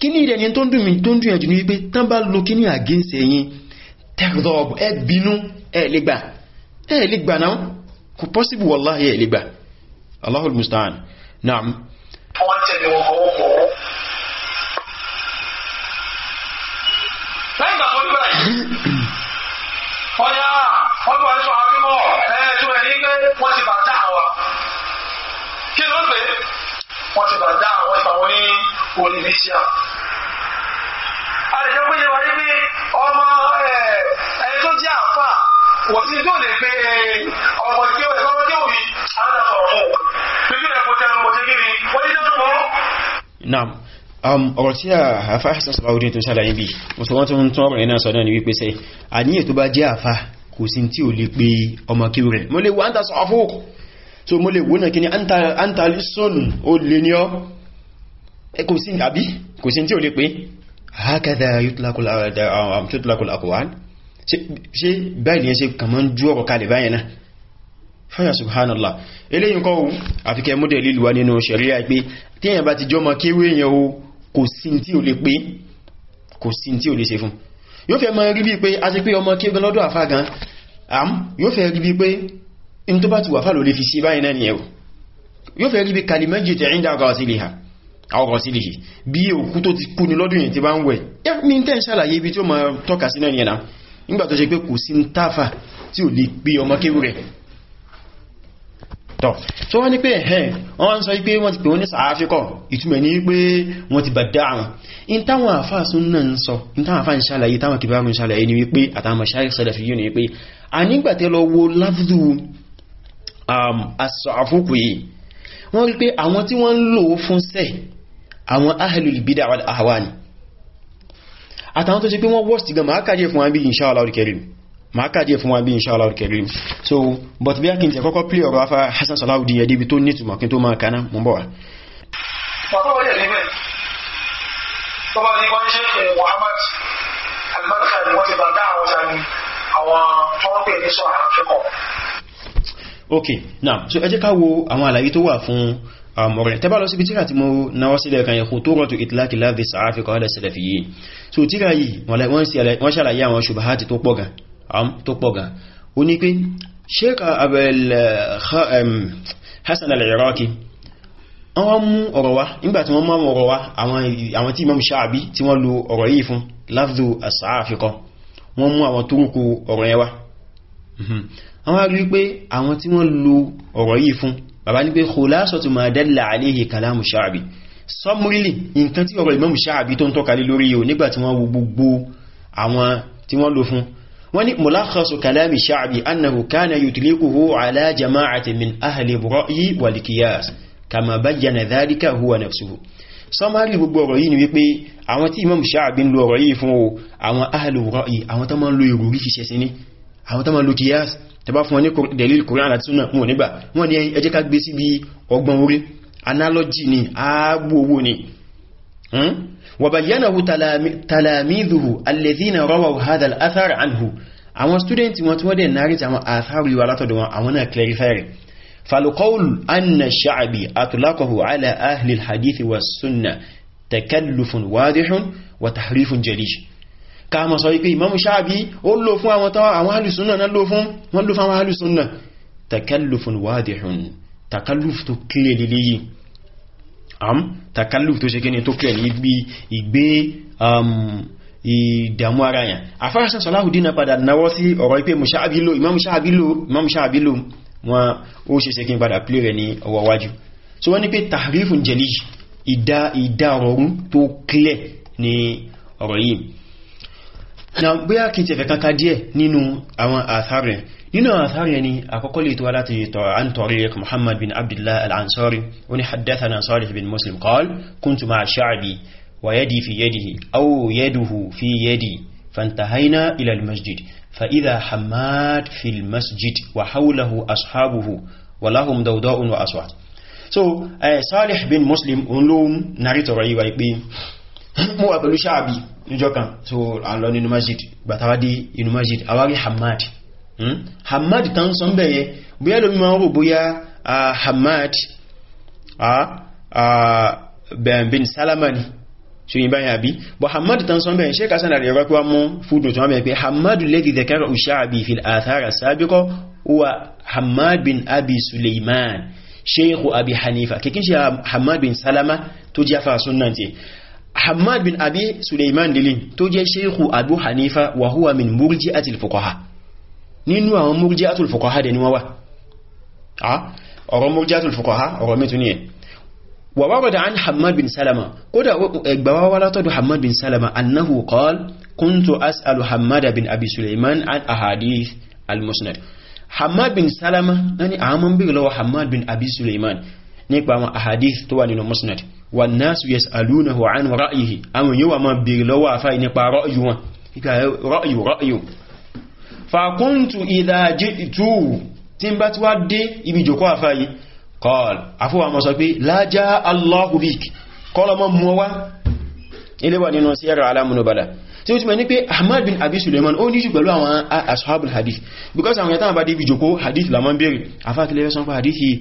kíní ìdẹ̀ ni tó ń dùn mí tó ń dùn ẹ̀jù ní wípé tán bá lo kíní against ẹ̀yin tẹ́rọ̀bù ẹ bínú ẹ lè gbà ẹ lè gbà náà kò possible wallahi ẹ lè gbà Allahul musta'an naam
wọ́n tẹ̀lé wọn ọwọ́ mọ̀ ọ́ lẹ́yìn àkọ́jú báyìí ọ̀yà ah, ọdún wa ní sọ àbímọ̀ ẹ̀ẹ́dùn ẹ̀ ní pé wọ́n ti bàtà wa kí ló ń pè é wọ́n ti bàdá àwọn ìfàwọn ní Bolivia àdìjọ pé yẹ wá ní pé ọmọ ẹni tó jẹ́ àfà wọ́n ti tó lè pe ọmọ tí ó ẹ̀fọ́ ọmọdé òbí àdàsọ̀rọ̀ ni wọ́n ti dẹ́nu mọ́.
Naam um, ọ̀rọ̀ tí àfá Hassan Salahuddin tó ṣàlàyé bí musulman tó ń tún ọ̀rọ̀ iná sọ̀dọ̀ ni wípé sẹ́ àníyàn tó bá jẹ́ àfá kò sí tí ò lè pe ọmọ kí rẹ̀ mo lè wà ń tasọ̀ so mo lè wónà kí ni antalisonu ó lè ní ọ́ kò sí àbí kò sí tí ó lè pé hakada yutulakul um, akuwan ṣe báyìí ni ẹ ṣe kàmọ́ jú ọ̀rọ̀ kalẹ̀ báyìí náà fáyà subhanallah eléyìn kọ́ ohun àfikẹ́ múdẹ̀ lílu wa nínú ṣẹ̀ríà pé tí èyàn bá ti jọmọ kéwé èyàn o kò sí tí ò lè pé kò sí tí ò lè ṣe fún yóò fẹ́ mọ́ rí bí pé a ti pé ọmọ kéwé lọ́dọ̀ àfágan yóò fẹ́ rí bí pé in tó bá ti wà fà ló lè fi sí báyìí náà ni ẹ̀wọ̀ yóò fẹ́ rí bí kalimẹ́jì tẹ̀ ń dá ọkọ̀ sí lè bí òkú tó ti kú ní lọ́dún yìí ti bá ń wẹ̀ ní tẹ́ ń ṣàlàyé ibi tí ó máa tọ́ka sí náà yẹ̀nà nígbà tó ṣe pé kò sí ń tàfà tí ò lè pé ọmọ kéwú rẹ̀ tọ́ tó wọ́n ní pé ẹ̀hẹ́n wọ́n sọ pé wọ́n ti pè wọ́n ní sàáfíkọ̀ ìtumẹ̀ ní pé wọ́n ti bàdá àwọn in táwọn àfáà náà ń sọ in táwọn àfáà ń ṣàlàyé táwọn kìbáàmù ń ṣàlàyé ni wípé àtàwọn ṣàlàyé sọ́dà fi yíò ní wípé a nígbàtẹ́ lọ wo láfúdú àṣọ um, àfúkù yìí wọ́n rí pé àwọn tí wọ́n ń lò ó fún sẹ́ àwọn ahlul bid'a wal ahwani àtàwọn tó ṣe pé wọ́n worst gan máa kàjẹ́ fún wa bí insha Allah al-karim máa kàjẹ́ fún wa bí insha Allah al-karim so but bí a kìí tẹ kọ́kọ́ play ọ̀rọ̀ afá Hassan Salahuddin yẹ débi tó nítumọ̀ kí tó máa kaná mọ́ bọ̀ wá
tọ́ba ní wọ́n ṣe Muhammad al-Madkhali wọ́n ti bá dáhùn sani àwọn tọ́wọ́n pè ní sọ
ok now so ẹ jẹ́ ká wo àwọn àlàyé tó wà fún àmọ̀rẹ̀ um, tẹ́bà lọ síbi tíra tí mo náwọ́ sílẹ̀ kan yẹ̀kù tó rọ̀tù ìtìláàkì láàbí sàáfí kan lẹ́sẹ̀ lẹ́fì yìí so tíra yìí wọ́n ṣàlàyé àwọn ṣubahati tó pọ̀ gan o um, ní pé sheik abel um, hassan al-iraqi wọ́n mú ọ̀rọ̀ wá nígbàtí wọ́n mú ọ̀rọ̀ wá àwọn tí imam sha'abi tí wọ́n lo ọ̀rọ̀ yìí fún láàbí sàáfí wọ́n mú àwọn tó rúkú ọ̀rọ̀ yẹn àwọn arí pé àwọn tí wọ́n lo ọ̀rọ̀ yìí fún bàbá ní pé kòlásọ̀tù ma dalla alayhi kalamu sha'abi sọmúrílì nǹkan tí ọ̀rọ̀ Imam Sha'abi tó ń tọ́ka lé lórí yóò nígbà tí wọ́n wo gbogbo àwọn tí wọ́n lo fún wọ́n ní mulakhasu kalami Sha'abi annahu kana yutlikuhu ala jama'ati min ahli ra'yi wal qiyas kama bayyana dhalika huwa nafsuhu sọmárì gbogbo ọ̀rọ̀ yìí ni wípé àwọn tí Imam Sha'abi ń lo àwọn tó ma lo kìyàs tẹbá fún wọn ní dẹ̀lìl Kùránì àti súnà wọn nígbà wọn ni ẹ jẹ́ ká gbé sí bí ọgbọ̀n orí analogy ni agbówó ni hmm? wa bayyanahu talamidhuhu alladhina rawaw hadha al-athar anhu àwọn student wọn tí wọ́n dẹ̀ narrate àwọn atharu wa látọ̀dọ̀ wọn àwọn náà clarify rẹ̀ falqawl anna ash-sha'bi ala ahli al wa sunnah takallufun wadihun wa tahrifun jalish ká mọ̀ sọ wípé Imam Sha'bi ó lò fún àwọn tọ́wọ́ àwọn alùsùnà náà lò fún wọ́n lò fún àwọn alùsùnà takallufun wadihun takalluf tó kílẹ̀ lílé yìí am takalluf tó ṣe kíni tó kílẹ̀ níbi ìgbé ìdàmú ara yàn afárasán Salahuddin padà náwọ́ sí ọ̀rọ̀ ipé Imam Sha'bi lò wọn ó ṣe ṣe kí n padà plé rẹ̀ ní ọwọ́ wájú so wọ́n ní pé tahrifun jalij ìdá ìdá ọ̀rọ̀ tó kílẹ̀ ní ọ̀rọ̀ yìí na bóyá kí n tẹ̀fẹ̀ kankan díẹ̀ nínú àwọn àtàrin nínú àtàrin ni àkọ́kọ́ lè tó wá láti tọ̀ an tariq muhammad bin abdullah al'ansari wani haddathana salih bin muslim qal kuntu ma sha'bi wa yadi fi yadihi aw yaduhu fi yadi فانتهينا إلى المسجد فإذا wa hawlahu ashabuhu wa lahum dawda'un wa aswat so uh, Salih bin Muslim olóhun narítọ̀rọ̀ wa ìpé mú abulu ṣáàbí níjọ́ kan so a lọ nínú masjid gbàtàwà inú masjid a hamad hmm? hamad tán sọ bẹ̀yẹ bóyá lómi máa rò bóyá hamad bin salamani so yin bayan abi bo hamad tan son ben sheikh hasan al-iraq wa mu fudu to ambe hamad alladhi fil athar as-sabiqa huwa hamad bin abi sulaiman sheikh abi hanifa kekin shi hamad bin salama tó jafa sunnan ti hamad bin abi suleiman lilin tó jẹ́ sheikhu abu hanifa wa huwa min murji atil fuqaha nínú àwọn murji atul fuqaha da ni wọ́n wà ọ̀rọ̀ murji atul fuqaha ọ̀rọ̀ mẹ́tù ni ẹ̀ wa warada an hamad bin salama kódà ẹgbàwà wá látọ́dọ̀ hamad bin salama annahu qal kuntu as'alu hamad bin abi suleiman an ahadith al-musnad hamad bin salama nani àwọn mọ́ bí lọ́wọ́ hamad bin والناس يسألونه عن رأيه أو يوما بيرلوا فإنقى رأيه رأي رأي فكنت إذا جئت تنبت ودي إبي جوكوا فاي قال أفوى مصابي لا جاء الله بك قال ما موى ilé wà nínú síyàrá alámúnubàdà tí ó túnmọ̀ ní pé ahmad bin abi suleiman ó níṣù pẹ̀lú àwọn ashabul hadith because àwọn yàtàn bá dé ibi jòkó hadith lamọ́ bèèrè afákilẹ́yọ́sán pa hadith yìí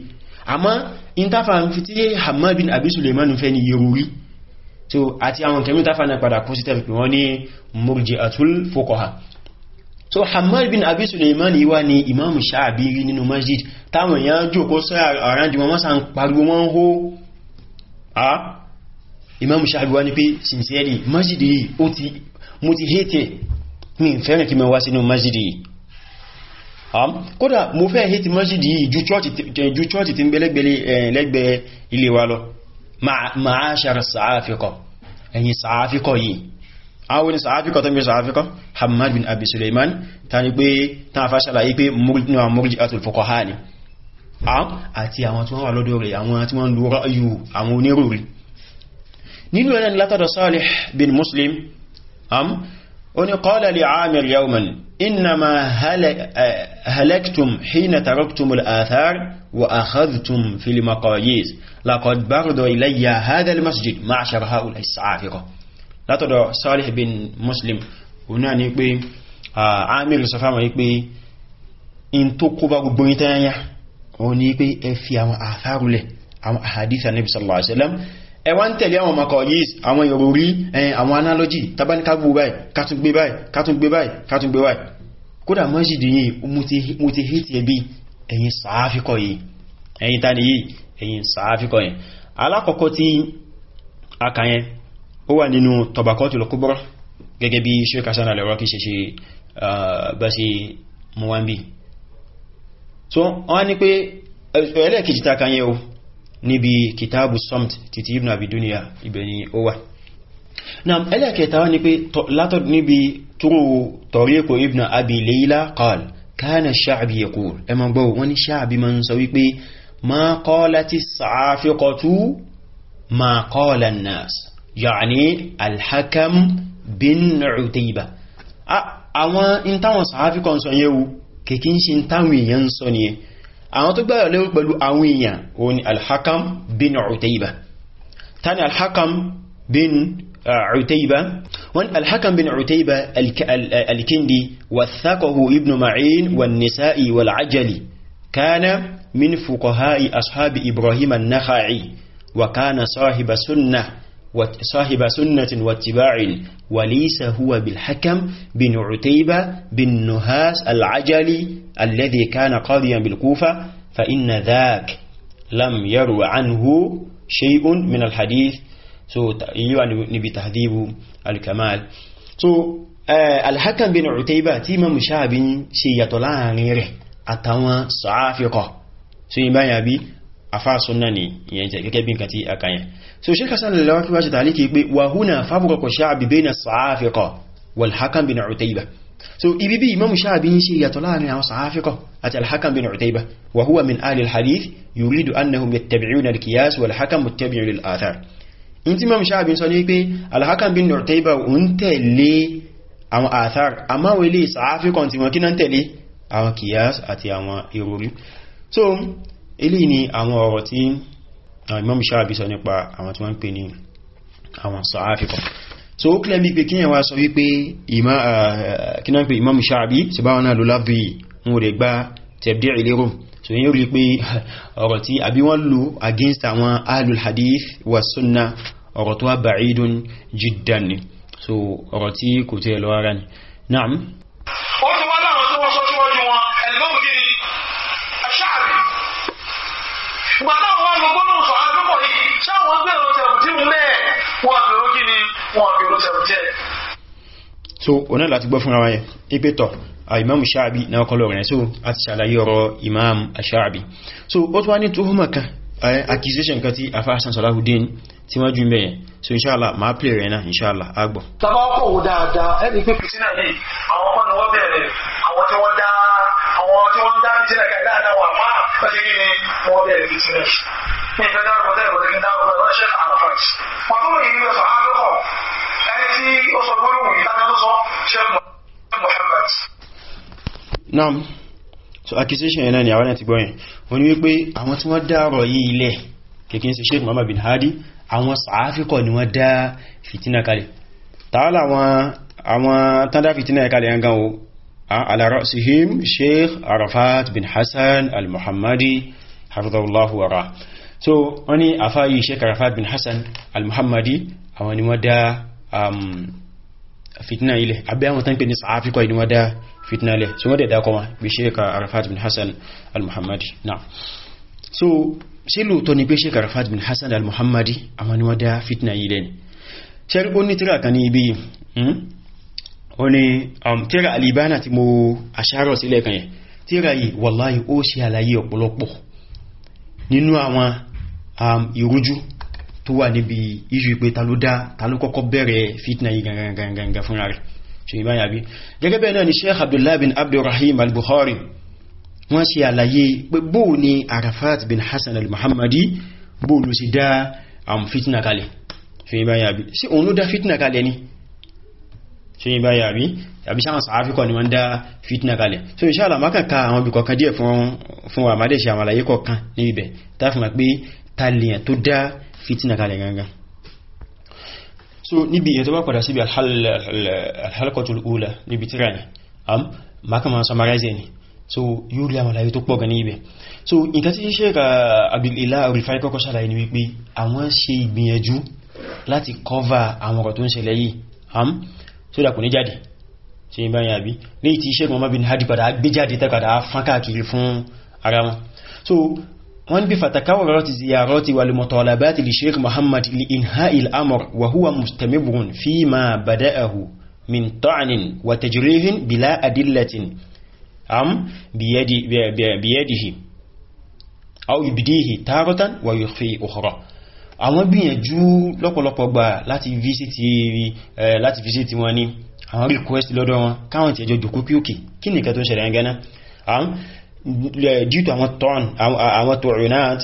àmọ́ ìntàfà ń fi tí Hamad bin Abi fẹ́ ni yorùrí so àti àwọn kẹmí tàfà náà padà kó sí tẹ́fì pé wọ́n ní murji'atul fuqaha so Hamad bin Abi Sulaiman wá ní imamu Sha'biri nínú masjid táwọn èèyàn jókòó sọ àránjù wọn sá a imamu Sha'biri wá ní pé sincerely masjid yìí ó ti mo ti hate kódà mo fẹ́ hìtì mọ́sídì yìí ju chọ́ọ̀tì tí ń bẹ eh, lẹ́gbẹ̀ẹ́ ilé wa lọ máa ṣàrà sàáfíkọ̀ ẹ̀yìn sàáfíkọ̀ yìí àwọn ni sàáfíkọ̀ tó ń bẹ sàáfíkọ̀ hamad bin abi suleiman ta ni pé ta fa ṣàlàyé pé murji atul fuqaha ni àti àwọn tí wọ́n wà lọ́dọ̀ rẹ̀ àwọn tí wọ́n lura ayù àwọn onírúurú nínú ẹ̀rẹ́ látọ̀dọ̀ salih bin muslim ó ní qala li amir yawman إنما آه، هلكتم حين تركتم الآثار وأخذتم في المقاييس لقد برد إلي هذا المسجد معشر هؤلاء السعافقة لا تدع صالح بن مسلم هنا نقبي عامل صفامة نقبي إن تقوبة بريتانيا ونقبي في أما آثار له أما أحاديث النبي صلى الله عليه وسلم ẹ wá ń tẹ̀lé àwọn makoyis àwọn ìròrí ẹ̀yìn àwọn analogy tabanikagbó báyìí kátúngbé báyìí kátúngbé báyìí kátúngbé báyìí kódà mọ́sídì yìí mo ti hìtì ẹbí ẹ̀yìn sàáfíkọ̀ yìí ẹ̀yìn tani yìí ẹ̀yìn sàáfíkọ̀ yìí alákọ̀ọ́kọ́ tí akàyẹn ó wà nínú tọbakọ́tù lọ́kúbọ́rọ́ gẹ́gẹ́ bí so wọ́n ní pé níbi kitabu samt titi ibn abiduniya ibẹ̀ ni ó wà náà ẹlẹ́kẹta wá ní pé látọ̀ níbi túnwò tọ̀ríkò ibn abi layla qal kana sha'bi yaqul ẹ ma gbọ́ wọ́n ni sha'bi ma ń sọ wípé ma qalati sa'afiqatu ma qala an-nas ya'ni al-hakam bin utayba àwọn intawọn sa'afiqan sọ àwọn tó gbáyọ̀ lérò pẹ̀lú àwọn èèyàn o ni alhakam bin utaiba ta ni alhakam bin utaiba wọ́n alhakam bin utaiba alkindi wathaqahu ibn ma'in wan nisa'i wal ajali kana min fuqaha'i ashabi ibrahim an-nakhai wa kana sahiba sunnah صاحب سنة واتباع وليس هو بالحكم بن عتيبة بن نهاس العجلي الذي كان قاضيا بالكوفة فإن ذاك لم يرو عنه شيء من الحديث سو يو نبي تهذيب الكمال سو آه، الحكم بن عتيبة تيم مشابين سيطلان غيره أتوا صعافقه سيما يبي afáàsúnná ni ìyẹn jẹ gẹ́gẹ́ bí nǹkan tí a kàyàn so Sheikh Hassan al-Lawaki wá ṣe tàlíkì pé wa huna fabraqu Sha'bi bayna as-Sa'afiqa wal Hakam bin Utayba so ibi bí Imam Sha'bi ń ṣe ìyàtọ̀ láàrin àwọn Sa'afiqa àti al-Hakam bin Utayba wa huwa min ahli al-hadith yuridu annahum yattabi'una al-qiyas wal Hakam muttabi'un lil athar in ti Imam Sha'bi sọ ilé ni àwọn ọ̀rọ̀ tí uh, Imam Shabi sọ nípa àwọn tí wọ́n ń pè ní àwọn sàáfíkọ̀ so ó kílẹ̀ mi pé kíyàn wá sọ wípé uh, kíná pé Imam Shabi sí báwọn náà ló lábí wọn rẹ̀ gbá so yíò rí pé ọ̀rọ̀ tí against àwọn ahlul hadith wa sunna ọ̀rọ̀ tó so ọ̀rọ̀ tí kò tẹ́
sáwọn gbèrò sẹ̀fùtìmù mẹ́ẹ̀ wọ́n gbèrò kí ni wọ́n gbèrò sẹ̀fùtìmù
so ọ̀nà láti gbọ́ fúnra wáyẹ̀ ipé tọ̀ imam sha'abi na ọkọlọ̀ rẹ̀ so a ti ṣàlàyé ọ̀rọ̀ imam sha'abi so ó tó wá tuhuma kan accusation kan tí afá hassan salahuddin tí wọ́n jù mẹ́yẹn so inshallah ma play rẹ̀ náà inṣáàlá
agbọ̀ tàbá ọkọ̀ wò dáadáa ẹni pé fìtínà yìí àwọn ọkọ̀ ni wọ́n bẹ̀rẹ̀ àwọn tí wọ́n dá àwọn tí wọ́n dá jẹ́ ní
so accusation yẹn náà ni àwọn náà ti gbọ́ yẹn wọ́n ní wípé àwọn tí wọ́n dá ọ̀rọ̀ yìí ilẹ̀ kìkín sí Sheikh Muhammad bin Hadi àwọn sàáfíkọ̀ ni wọ́n dá fìtínà kalẹ̀ tààlà àwọn tàndá fìtínà kalẹ̀ yangan o ala ra'sihim Sheikh Arafat bin Hassan al-Muhammadi hafizahullahu wa rahmatullahi so wọ́n ní àfáyí sheik arafat bin hassan al-muhammadi àwọn ni wọ́n um, fitna ile, abẹ́ àwọn tán pè ní sàáfíkọ́ ìní wọ́n fitna ile, so wọ́n dẹ̀ dákọ́ wọn bí arafat bin hassan al-muhammadi na. so ṣe lóòtọ́ ni pé sheik arafat bin hassan al-muhammadi àwọn ni wọ́n fitna ile. ni ṣe rí ó ní tíra kan ní ibi hmm? ó ní um, tíra alibana ti mo aṣárọ̀ sílẹ̀ kan yẹn tíra yìí wallahi ó ṣe àlàyé ọ̀pọ̀lọpọ̀ nínú Um, ìrújú tó wà níbi iṣu ìpé ta ló dá ta ló kọ́kọ́ bẹ̀rẹ̀ fitna yìí gangan fúnra rẹ̀ ṣe ìbáyà bí gẹ́gẹ́ bẹ́ẹ̀ náà ni sheikh Abdullah bin abdulrahim al-bukhari wọ́n ṣe àlàyé pé bóò ni arafat bin hassan al-muhammadi bóò ló sì dá àwọn um, fitna kalẹ̀ ṣe ìbáyà bí sí òun ló dá fitna kalẹ̀ ni ṣe ìbáyà bí àbí sáwọn sàáfíkọ̀ ni wọ́n dá fitna kalẹ̀ so inshallah mákàkà àwọn ibìkọ̀kan díẹ̀ fún wa mádẹ̀ ṣe àwọn àlàyé kọ̀ọ̀kan ní ibẹ̀ táfìmà pé tàlèyàn tó dá fitina kalẹ̀ gangan so níbi èyàn tó bá padà síbi alhalkotul ula níbi tíra ni am makama summarize ni so yóò rí àwọn àlàyé tó pọ̀ gan ní so nǹkan tí ṣe ka abilila orifai kọ́kọ́ ṣàlàyé ni wípé àwọn ṣe ìgbìyànjú láti cover àwọn ọ̀rọ̀ tó ń ṣẹlẹ̀ yìí am so dà kò ní jáde ṣe ń báyìí àbí ní ti ṣe kan mọ́bìn hadi padà gbé jáde tẹ́kàdà fán káàkiri fún ara wọn so wọ́n bí fatakarọ̀rọ̀tí ziyarọ̀tí wà lèmọ̀tọ̀lábátí lè sheik mohamed lè inha il'amur wa huwa mustamibun fi ma bada'ahu min ta'anin wa tajrihin bila adillatin am biyadihi au ibidihi tarotan wa yukhfi ukhra àwọn gbìyànjú lọ́pọ̀lọpọ̀ gbà láti visiti wọn ni àwọn request lọ́dọ̀ wọn káwọn ti ẹjọ́ jòkó pí òkè kí nìkan tó ṣẹlẹ̀ ẹgẹ́ náà to àwọn tọ́n àwọn tọ̀rìnáàt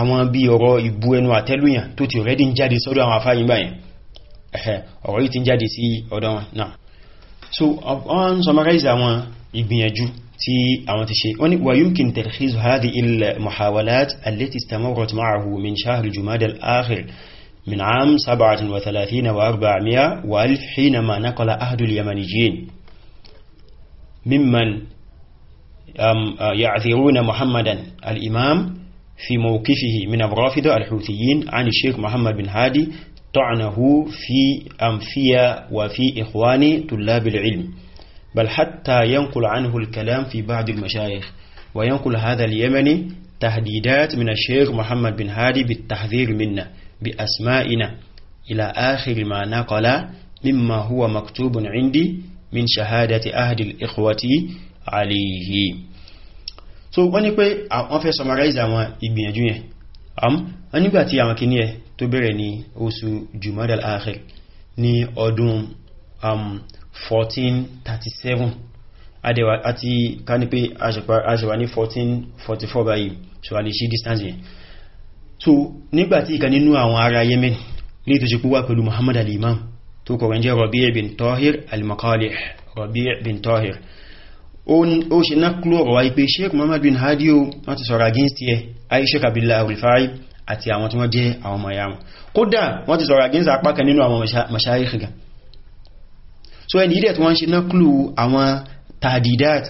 àwọn bí ọ̀rọ̀ ìbú ẹnu àtẹ́lúyàn tó ti rẹ́dí ń jáde sọ́dọ̀ àwọn afáyín báyìí ọ̀rọ̀ yìí ti ń jáde sí ọ̀dọ̀ wọn so on summarize àwọn ìgbìyànjú tí àwọn ti ṣe wọ́n ni wà yumkin tarkhizu hadhi illa muhawalat allati istamarrat ma'ahu min shahr من عام 37 و400 وألف حينما نقل أهد اليمنيين ممن آه، يعذرون محمدا الإمام في موقفه من الرافضة الحوثيين عن الشيخ محمد بن هادي طعنه في أنفية وفي إخوان طلاب العلم بل حتى ينقل عنه الكلام في بعض المشايخ وينقل هذا اليمني تهديدات من الشيخ محمد بن هادي بالتحذير منا بأسمائنا إلى آخر ما نقل مما هو مكتوب عندي من شهادة أهد الإخوة alayhi so wọ́n ní pé wọ́n fẹ́ summarize àwọn ìgbìyànjú yẹn wọ́n nígbàtí àwọn kìíní ẹ tó bẹ̀rẹ̀ ní oṣù Jumada al-Akhir ní ọdún 1437 adẹ̀wà àti ká ní pé aṣẹ̀wà ní 1444 báyìí so a lè ṣí distance yẹn so nígbàtí ìkan nínú àwọn ará Yemen ní ìtọ́jú púpá pẹ̀lú Muhammad al-Imam tó kọ̀rọ̀ jẹ́ Rabi' bin Tahir al-Maqalih Rabi' bin Tahir ó ṣe ná kúrò ọ̀rọ̀ wáyé pé sheik muhammad bin hadi o wọ́n ti sọ̀rọ̀ against ẹ aishek abdullahi al-rifai àti àwọn tí wọ́n jẹ́ àwọn ọmọ ìyá kódà wọ́n ti sọ̀rọ̀ against apá kan nínú àwọn mashayikh so ẹni ìdẹ̀ tí wọ́n ṣe ná kúrò àwọn tadidat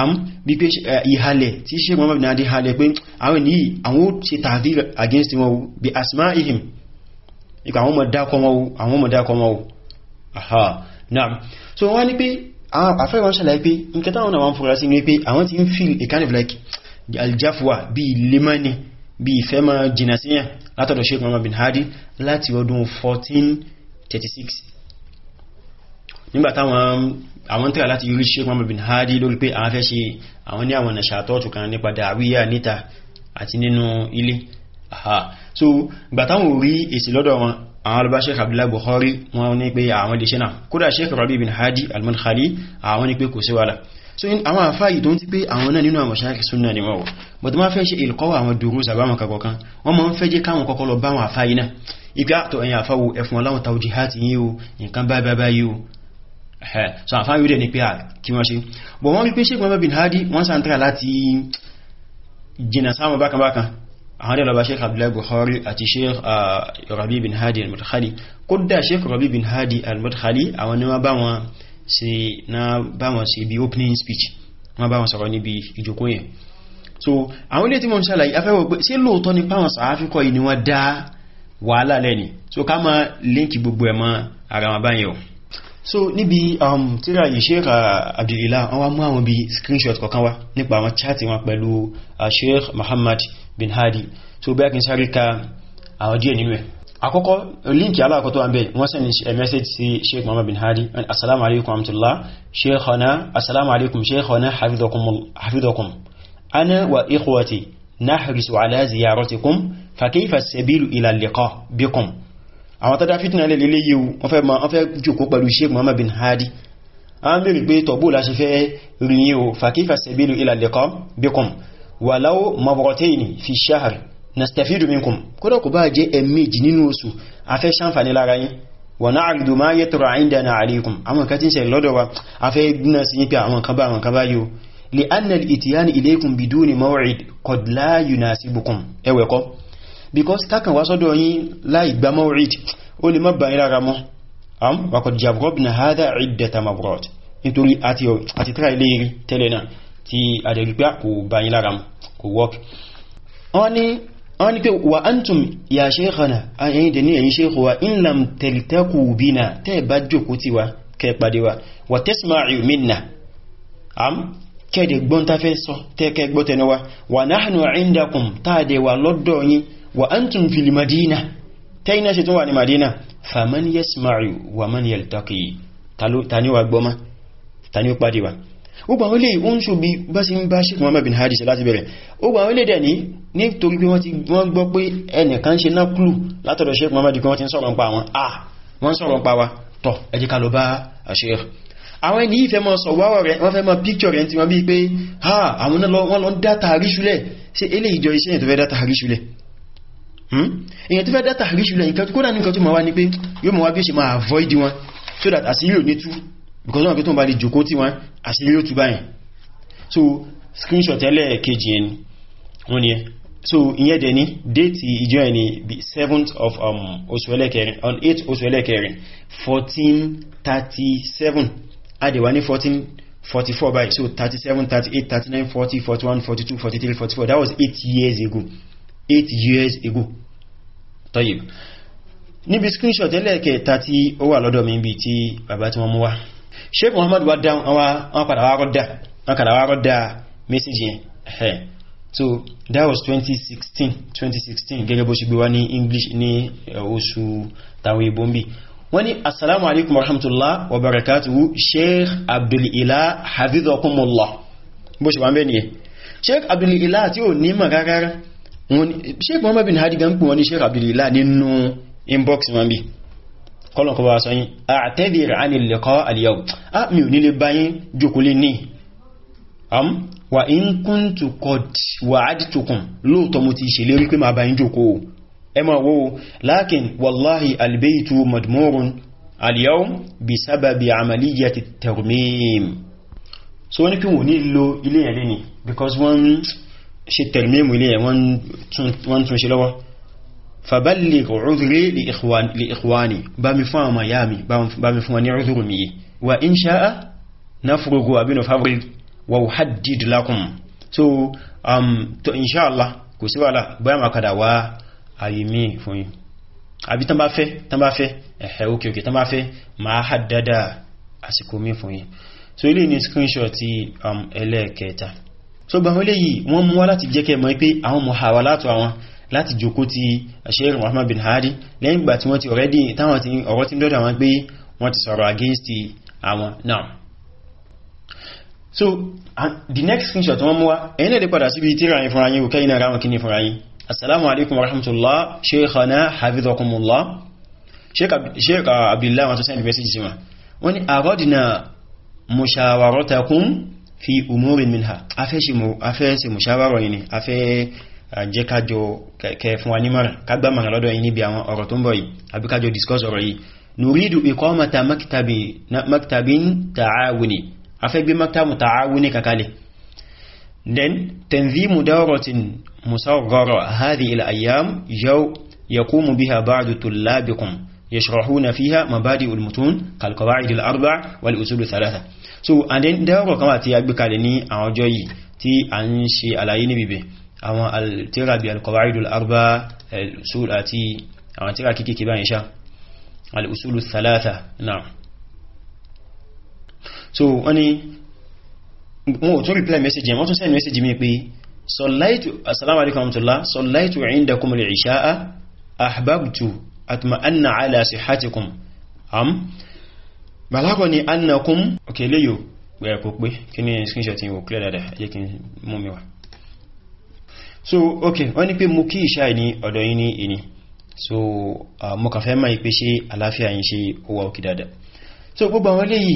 am bí pé ìhalẹ̀ tí sheik muhammad bin hadi halẹ̀ pé àwọn ènìyàn àwọn ó ṣe tàdí against wọn bí asma ìpà àwọn ọmọ dákọ wọn o àwọn ọmọ dákọ wọn o aha so wọ́n ní pé àwọn àfẹ́ wọn ṣẹlẹ̀ pé nǹkan táwọn àwọn fúnra sí ní pé àwọn ti ń feel a kind of like aljafuwa bí lemani bí ìfẹ́ ma jìnà síyàn látọ̀dọ̀ Sheikh Muhammad bin Hadi láti ọdún 1436 nígbà táwọn àwọn tẹ́rà láti yúrí Sheikh Muhammad bin Hadi lórí pé àwọn fẹ́ ṣe àwọn ní àwọn nàṣàtọ́tù kan nípa dàríyà níta àti nínú ilé so gbà táwọn ò rí èsì lọ́dọ̀ wọn àwọn alba sheikh abdullahi bukhari wọn ní pé àwọn lè ṣe náà kódà sheikh Rabbi bin hadi al-madkhali àwọn ní pé kò sí wàhálà so in àwọn àfáyì tó ń ti pé àwọn náà nínú àwọn ṣáàkì súnnà ni wọ́n wọ́ but ma fẹ́ ṣe ìlkọ́wà àwọn dùrú sàbáwọn kakọ̀kan wọ́n ma ń fẹ́ jẹ́ káwọn kọ́kọ́ lọ báwọn àfáyì ah, so àfáyì rẹ̀ ni pé ah, kí wọ́n ṣe but bin hadi wọ́n sàntara láti jìnà sáwọn bákan àwọn dẹ̀ lọ́ba sheikh abdullahi buhari àti sheikh rabi bin hadi al-madkhali kódà sheikh rabi bin hadi al-madkhali àwọn ni wọ́n bá wọn sí ibi opening speech wọ́n bá wọn sọ̀rọ̀ níbi ìjókòó yẹn so àwọn ilé tí mo ń ṣàlàyé afẹ́wọ̀ pé sí lóòótọ́ ní páwọn sàáfíkọ́ yìí dá wàhálà lẹ́ni so ká máa líǹkì gbogbo ẹ̀mọ́ ara wọn so níbi um, tíra Sheikh uh, Abdulillah wọ́n wá mú àwọn bí screenshot kọ̀kan wá nípa àwọn chati wọn pẹ̀lú uh, Sheikh Muhammad bin Hadi so bẹ́ẹ̀ kí n sáré ka àwọn díẹ̀ nínú ẹ̀ àkọ́kọ́ líǹkì alákọ̀tọ́ àbẹ̀ wọ́n send message sí Sheikh Muhammad bin Hadi assalamu alaikum amtullah sheikhana assalamu alaikum sheikhana hafizakum ana wa ikhwati nahrisu ala ziyaratikum fa kayfa as-sabilu ila al-liqa bikum àwọn tọ́dá fitna lè lè yíò wọ́n fẹ́ ma wọ́n fẹ́ jòkó pẹ̀lú sheikh muhammad bin hadi a ń bèèrè pé tọ̀bù láṣe fẹ́ rìn o fàkífà sẹ̀bílù ìlàlẹ̀kọ́ bikum wàláwó mọ̀bọ̀rọ̀tẹ́yìn fi ṣáhàrì nastafidu minkum kódà kò bá jẹ́ ẹ̀mẹ́jì nínú oṣù afẹ́ ṣàǹfàní lára yín wọ̀n náà àrìdò máa yẹ́ tọrọ àìndàna àríkùn àwọn kan tí ń ṣe lọ́dọ̀ wa because kákan wá sọ́dọ̀ yín láì gba maw'id ó lè má bàyí lára mọ́ am wa qad jarrabna hadha 'iddata marrat nítorí ati àti tíra ilé rí tẹ́lẹ̀ náà tí àdẹ̀rípá kò bàyí lára mọ́ kò work wọ́n ni pé wa antum ya shaykhana ayẹyìn dẹ̀ ní ẹ̀yìn shaykh wa in lam taltaku bina tẹ́ bá jókòó ti wa kẹ́ pàdé wa wa tasma'u minna am kẹ́ẹ̀dẹ̀ gbọ́ntafẹ́ sọ tẹ́ẹ̀kẹ́ gbọ́tẹ̀nà wa wa nahnu 'indakum táàdẹ̀ wa lọ́dọ̀ yìí wa antum fil madina tẹ́yìnà sí tó wà ní madina faman yasma'u wa man yaltaqi tani wa gbọ́má tani ó pàdé wa ó gbà wọlé ó ń ṣò bí bá sí ń bá Sheikh Muhammad bin Hadi láti bẹ̀rẹ̀ ó gbà wọlé dẹ̀ ní nítorí pé wọ́n ti wọ́n gbọ́ pé ẹnìkan ṣe náà kúlù látọ̀dọ̀ Sheikh Muhammad kan ti sọ̀rọ̀ pa wọn ah wọ́n sọ̀rọ̀ pa wa tọ̀ ẹ jẹ́ ká lọ bá Sheikh àwọn ènìyàn fẹ́ mọ́ sọ̀wọ́ rẹ̀ wọ́n fẹ́ mọ́ píkṣọ̀ rẹ̀ tí wọ́n bí pé àwọn náà wọ́n lọ sí eléyìí jọ iṣẹ́ ìtọ́fẹ́ dátà àríṣúlẹ̀ Hmm? èyàn tó fẹ́ dá tàríṣù lẹ́yìn kódà nìkan tó ma wá ní pé yóò ma wá bí ó ṣe ma avoid wọn so that àṣírí ò ní tú because wọn pé tó ń bá lè jòkó tí wọn àṣírí ò tú báyìí so screenshot ẹlẹ́ kejì ẹni wọ́n ni ẹ so ìyẹn dẹ̀ ní date ìjọ ẹni bí 7th of um, oṣù ẹlẹ́kẹrin on 8th oṣù ẹlẹ́kẹrin 1437 adẹ̀wà ní 1444 báyìí so 37 38 39 40 41 42 43 44 that was 8 years ago 8 years ago tọ́yìb níbi screenshot ẹlẹ́ẹ̀kẹta tí ó wà lọ́dọ̀ mi bí tí bàbá tí wọ́n mú wá sheik muhammad wá dáhùn àwọn padà wá rọ́dà wọ́n padà wá rọ́dà message yẹn ẹ̀ so that was 2016 2016 gẹ́gẹ́ bó ṣe gbé wá ní english ní eh, oṣù tàwọn ìbò ń bì wọ́n ní assalamu alaikum warahmatullah wa barakatuhu sheikh abdulilá hafidhakumullah bó ṣe wá ń bẹ́ nìyẹn sheikh abdulilá tí ò ní mọ̀ rárá sheik muhammad bin hadi gan pè wọn ní sheik abdullilá nínú inbox wọn bí kọlọ̀ kọba sọ yí a'tadhir 'an al-liqa' al-yawm a ah, mi ò nílé báyín jòkúlé ní am wa in kuntu qad wa'adtukum lóòtọ́ mo ti ṣèlérí pé ma báyín jòkó ẹ ma wo lakin wallahi al madmurun al-yawm bisababi 'amaliyyati at-tarmim so wọ́n ní kí wọ́n ní lo ilé ẹ̀rẹ́ ni because wọ́n ṣe tẹ̀lmẹ́mù ilé wọ́n tún ṣe lọ́wọ́ faballi uzuri li ikhwani bá mi fún ọmọ yámi bá mi fún wọn ní uzuru mi wa in ṣa'a na furugu abinu fabri wa haddid lakum so um, to inshallah kò sí wàhálà bóyá ma kada wá ayé mi fún yín àbí tán bá fẹ́ tán bá fẹ́ ẹ̀hẹ́ òkè òkè tán so ilé ni screenshot ti um, ẹlẹ́ẹ̀kẹta so gbà wọ́n léyìí wọ́n mú wá láti jẹ́ kẹ́ mọ̀ pé àwọn muhawalatu àwọn láti jókòó ti Sheikh Muhammad bin Hadi lẹ́yìn gbà tí wọ́n ti already táwọn ti ọ̀rọ̀ ti dọ́dọ̀ àwọn pé wọ́n ti sọ̀rọ̀ against àwọn náà so the next screenshot wọ́n mú wá ẹ̀yìn lè padà síbi tíra yìí fúnra yìí kẹ́yìn ara wọn kí ni fúnra yìí assalamu alaikum wa rahmatullah sheikhana hafizakumullah sheikh uh, abdullahi wọn tó send message sí wọn wọ́n ni aradna mushawaratakum في امور منها افشي مو افشي مشاور يعني اف جيكا جو كيف واني مر كبا ما لو دو اني بي اوان اورو تون بوي ابي كاجو ديسكوس اوري نريد اقامه مكتب مكتب تعاوني افي بي مكتب تعاوني ككالي دن تنظيم دورة مصغرة هذه الأيام يو يقوم بها بعض طلابكم يشرحون فيها مبادئ المتون كالقواعد الأربع والأصول الثلاثة so and then dẹ́wọ́kọ̀ kan wà tí a gbé kalẹ̀ ní àwọn ọjọ́ yìí tí a ń ṣe àlàyé níbi bẹ̀ àwọn tíra bí al-qawaidul arba al-usul àti àwọn tíra kíkèké báyìí ṣá al-usulu thalatha náà so wọ́n ni mo tún reply message yẹn wọ́n tún send message mi pé sallaitu assalamu alaikum warahmatullah sallaitu indakum al-isha'a ahbabtu atma'anna ala sihhatikum am bàlágọ̀ ni annakum okay léyò pẹ̀ pé kí ní screenshot yíò clear dada yẹ kí mú mi wá so okay wọ́n ní pé mú kí ìṣà ní ọ̀dọ̀ yìí ní ìní so mú kàfẹ́ máa pé ṣe àláfíà yìí ṣe owó òkè dada so gbogbo àwọn léyìí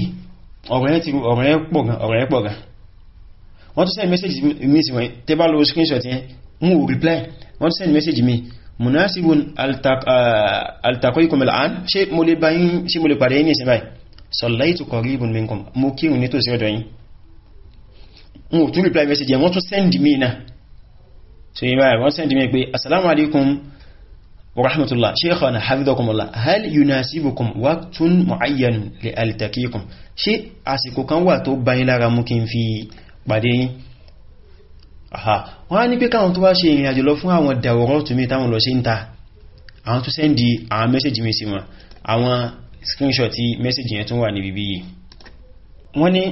ọ̀rọ̀ yẹn pọ̀ pọ̀ send message mi sí wọ́n screenshot yẹn reply wọ́n tún send message mi munasibun altakoikum al'an ṣe mo lè parí ní ìsinmi báyìí sọ̀láìtù qaribun minkum mo kírun ní tòsí ọ̀dọ̀ yìí mo tún reply message yẹn wọ́n tún send me náà so yìí báyìí wọ́n send me pé assalamu alaikum wa rahmatullah shaykhana hafidhakumullah hal yunasibukum waqtun mu'ayyan li altaqikum ṣé àsìkò kan wà tó báyìí lára mú kí n fi pàdé yín aha wọ́n á ní pé káwọn tó wá ṣe ìrìn lọ fún àwọn dàwọ̀rọ̀ tùmí táwọn lọ sí ń ta àwọn tó sẹ́ndì àwọn mẹ́sẹ̀jì mi wọn àwọn screenshot tí message yẹn tún wà níbi bí yìí wọ́n ní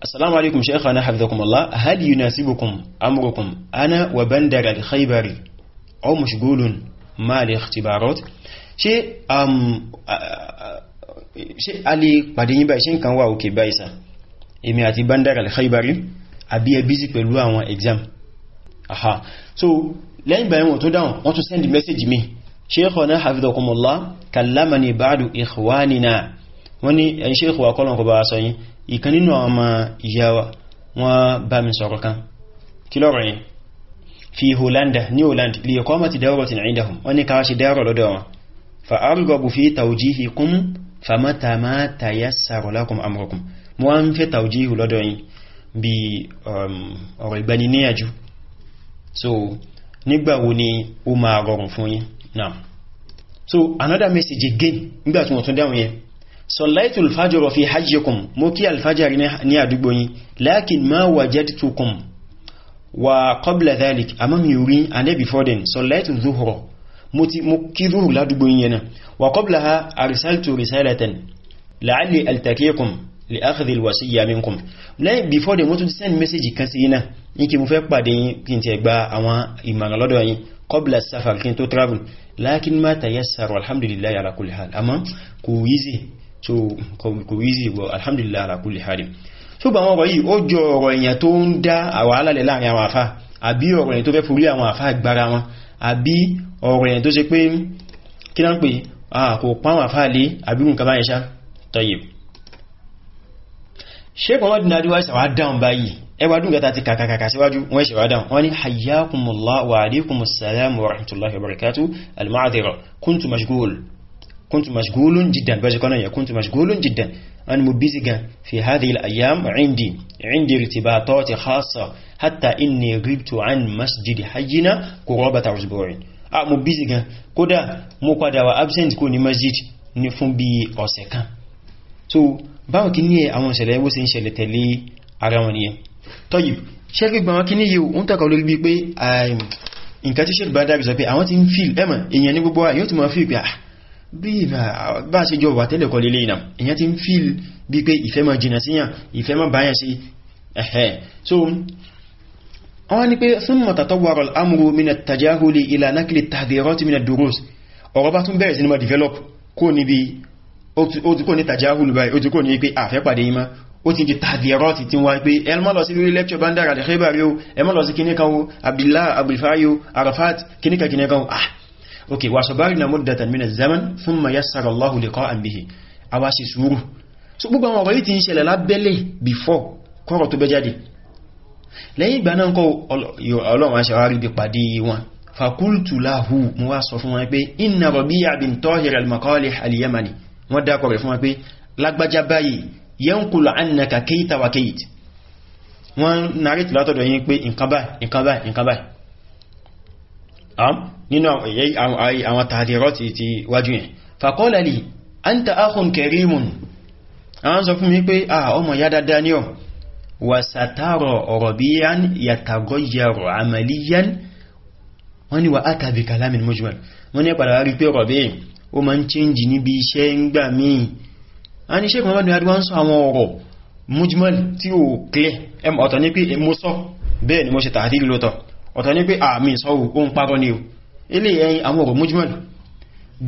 assalamu alaikum shaykhana hafidhakumullah hal yunasibukum amrukum ana wa bandar al-khaybari aw mashghulun ma al-ikhtibarat ṣe um, a lè pàdé yín ṣe nǹkan wà òkè báyìí sa èmi àti bandar al-khaybari àbí ẹ busy pẹ̀lú àwọn exam aha so lẹ́yìn báyìí wọ́n tó dáhùn wọ́n tún send message mi sheikhuna hafidhakumullah kallamani ba'du ikhwanina wani yan sheikh wa kolon ko ba so yin ìkan nínú àwọn ma yawa wọ́n bá mi sọ̀rọ̀ kan kiloro yin fi holanda ní holland li iqamati dawratin indahum wani ka shi dawra lọ́dọ̀ wọn fa argabu fi tawjihikum famata ma tayassaru lakum um, ni ó máa rọrùn fún yín now so another message again nígbà tí wọ́n tún dáhùn yẹn sọ̀láìtù alfajọ́rọ̀ fi hajjikum mo kí alfajari ní àdúgbò yín lákin ma wajadtukum wa qabla dhalik a mami orí and before then sọ̀láìtù zuhurọ̀ mo kí zuhur ládúgbò yín yẹn wa qabla ha arisaltu risalatan la'alli altakikum li akhadhi alwasiyya minkum lẹ́yìn before then mo tún send message kan sí yín náà yín kí mo fẹ́ pàdé yín kí n tẹ̀ kọ́bílà sáfà kí n tó travel lákín má tayassara alhamdulillah ala kulli hal àmọ́ kò easy so kò easy wọ alhamdulillah ala kulli hal so bá wọn wọ̀ yìí ó jọ ọ̀rọ̀ èèyàn tó ń dá àwọn alálẹ̀ láàrin àwọn àfá àbí ọ̀rọ̀ èèyàn tó fẹ́ forí àwọn àfá gbára wọn àbí ọ̀rọ̀ èèyàn tó ṣe pé kí náà ń pè kò pàwọn àfá lé àbí nǹkan báyẹn ṣá tọ́yẹ̀ ṣé kọ́wọ́dínláàdíwá ìsàwádàn báyìí ẹwàdún gata ti kàkàkà síwájú wọ́n ṣe wádán wọ́n ni hayyakumullah wa alaikumus salam wa rahmatullahi wa barakatuh al-ma'adira kuntu mashgul kuntu mashgulun jiddan bá ṣe kọ́nà yẹ kuntu mashgulun jiddan an mu busy gan fi hadhihi al-ayyam indi indi irtibatati khassa hatta inni ghibtu an masjid hayyina qurabata usbu'in a ah, mo busy gan kódà mo padà wà absent kò ní masjid ní fún bí ọ̀sẹ̀ kan so báwọn kí ní àwọn ìṣẹ̀lẹ̀ ẹwọ́ sí ń ṣẹlẹ̀ tẹ̀lé ara wọn nìyẹn tọ́yì ṣẹ́kì gbọ́n kí ní yíò ń tọ́ka olórí bí pé nǹkan tí ṣẹ́kì bá dábì sọ pé àwọn ti ń fíl ẹ̀mà èèyàn ní gbogbo yóò ti mọ̀ fíl pé ah, bí bá ṣe jọ wà tẹ́lẹ̀ kọ lélẹ̀ ìnà èèyàn ti ń fíl bí pé ìfẹ́ mọ̀ jìnà síyàn ìfẹ́ mọ̀ báyàn sí ẹ̀hẹ́ so wọ́n ni pé thumma tatawwara tajahuli ila nakli at-tahdhirati min ad-durus ọ̀rọ̀ bá develop kó níbi ó ti kó ní tajahulu báyìí ó ó ti di tàdírọ́tì tí wọ́n pé ẹlmọ́ lọ sí lórí lẹ́kṣọ́ bandar al-khibari o ẹmọ́ lọ sí kíníkan o abdullah abulfari o arafat kíníkan kíníkan o ah ok wa sabarna muddatan min az-zaman thumma yassara Allahu liqa'an bihi a wá sí sùúrù so gbogbo àwọn ọ̀rọ̀ yìí ti ń ṣẹlẹ̀ lábẹ́lẹ̀ before kọ́rọ̀ tó bẹ́ jáde lẹ́yìn ìgbà náà sọ fún wọn pé inna Rabi'a bin fún wọn pé báyìí yankulu annaka kaita wa kait wọ́n narrate látọ̀dọ̀ yín pé nǹkan báyìí nǹkan báyìí nǹkan báyìí am nínú àwọn tàdírọ́tì ti wájú yẹn faqala li anta akhun karimun àwọn sọ fún mi pé ah ọmọ ya dáadáa ní ọ wà sàtàrọ̀ ọ̀rọ̀ bí yán yàtàgọ́ yàrọ̀ àmàlíyàn wọ́n ni wà á tàbí kalamin wọ́n ni padà rí pé ọ̀rọ̀ bí ó ma ń change níbi iṣẹ́ ń gbà míì a ní ṣe kùnmọ́ ní adúwá ń sọ àwọn ọ̀rọ̀ mujmal tí ó clear ẹmọ ọ̀tọ̀ ní pé mo sọ bẹ́ẹ̀ ni mo ṣe tààtí lótọ̀ ọ̀tọ̀ ní pé àmì sọ́wọ́ ó ń parọ́ ní o ilé ẹyin àwọn ọ̀rọ̀ mujmal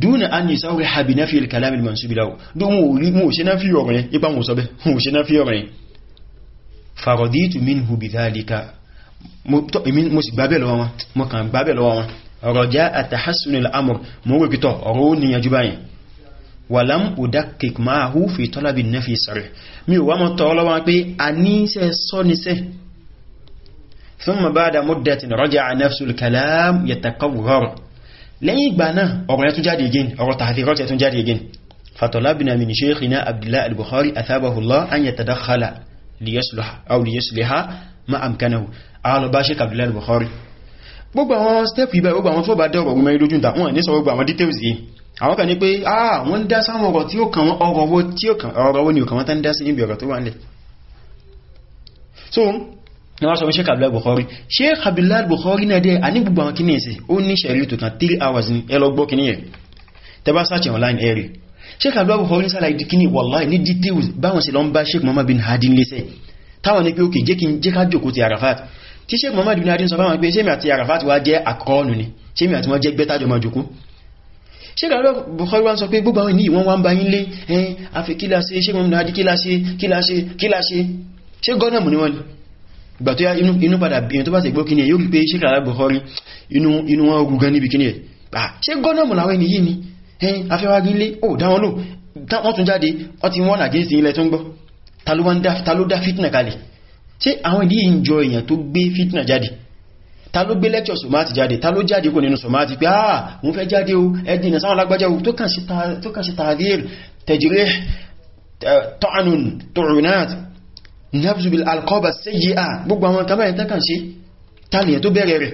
dúnà a ní sọ́wọ́ habi na fi kalami mansubi lahu bí mo ṣe na fi ọ̀rọ̀ yẹn ipa mo sọ bẹ́ mo wàlám udakik máa hù fi tọ́lábì nẹ́fì sọ̀rẹ̀ mi ò wá mọ́ tọ́ ọlọ́wọ́ pé a ní iṣẹ́ sọ níṣẹ́ thumma ba'da muddatin raja'a nafsul kalam yataqawwar lẹ́yìn ìgbà náà ọ̀rọ̀ yẹn tún jáde again ọ̀rọ̀ tààfi tún jáde again fatolabina min sheikhina abdullahi al-bukhari athabahullah an yatadakhala liyasluha aw liyasliha ma amkanahu àwọn ọba sheikh abdullahi al-bukhari gbogbo àwọn step ibẹ̀ gbogbo àwọn tó bá dẹ̀rọ̀ ogun mẹ́rin lójúta wọn ní sọ gbogbo àwọn details yìí àwọn kan ní pé ah wọ́n ń dá sáwọn ọ̀rọ̀ tí ó kàn wọ́n ọ̀rọ̀ tí ó kàn ọ̀rọ̀ ni ò kàn wọ́n tán dá sí níbi ọ̀rọ̀ tó wà nílẹ̀ so ni wọ́n sọ pé Sheikh Abdullahi Bukhari Sheikh Abdullahi Bukhari náà dẹ́ a ní gbogbo àwọn kíní ẹ̀sì ó ní ṣẹ̀rí tó kan 3 hours ní ẹlọgbọ́ kíní ẹ̀ tẹbá search online area Sheikh Abdullahi Bukhari sára ìdí kíní wallahi ní details báwọn sí lọ ń bá Sheikh Muhammad bin Hadin lẹ́sẹ̀ táwọn ní pé òkè jẹ́ ká jòkó ti Arafat tí Sheikh Muhammad bin Hadin sọ fáwọn pé sẹ́mi àti Arafat wá jẹ́ àkọọ́nù ni sẹ́mi àti wọ́n jẹ́ gbẹ́tàjọmọ́ ṣẹ́gbàrọ̀ Bukhari wá ń sọ pé gbogbo àwọn ènìyàn wọ́n wá ń bá yín lé ẹn àfi kíláṣe ṣe mọ́mù náà dí kíláṣe kíláṣe kíláṣe ṣe gọ́nàmù ni wọ́n ni ìgbà tó yá inú padà bíyàn tó bá tẹ̀gbọ́ kíní ẹ̀ yóò rí pé ṣẹ́gbàrọ̀ Bukhari inú wọn ogun ní ni ẹ̀ ṣe gọ́nàmù làwọn ènìyàn ni ẹn afẹ́wà gílé ó dáwọn lò wọ́n tún jáde wọ́n ti wọ́n against ilẹ̀ tó ń gbọ́ ta ló dá fitna kalẹ̀ ṣe àwọn ènìyàn jọ èèyàn tó gbé fitna jáde ta ló gbé lecture somati jáde ta ló jáde kò nínú somati pé ah mo fẹ́ jáde o ẹdìnà sáwọn alágbájá o tó kàn sí tààdìr tẹjìrẹ eh, tọ́anùn tọ̀rùnát nafsubil alkọba sẹ́yí à gbogbo àwọn kàbáyẹ̀ tẹ́kàn sí tàníyàn tó bẹ̀rẹ̀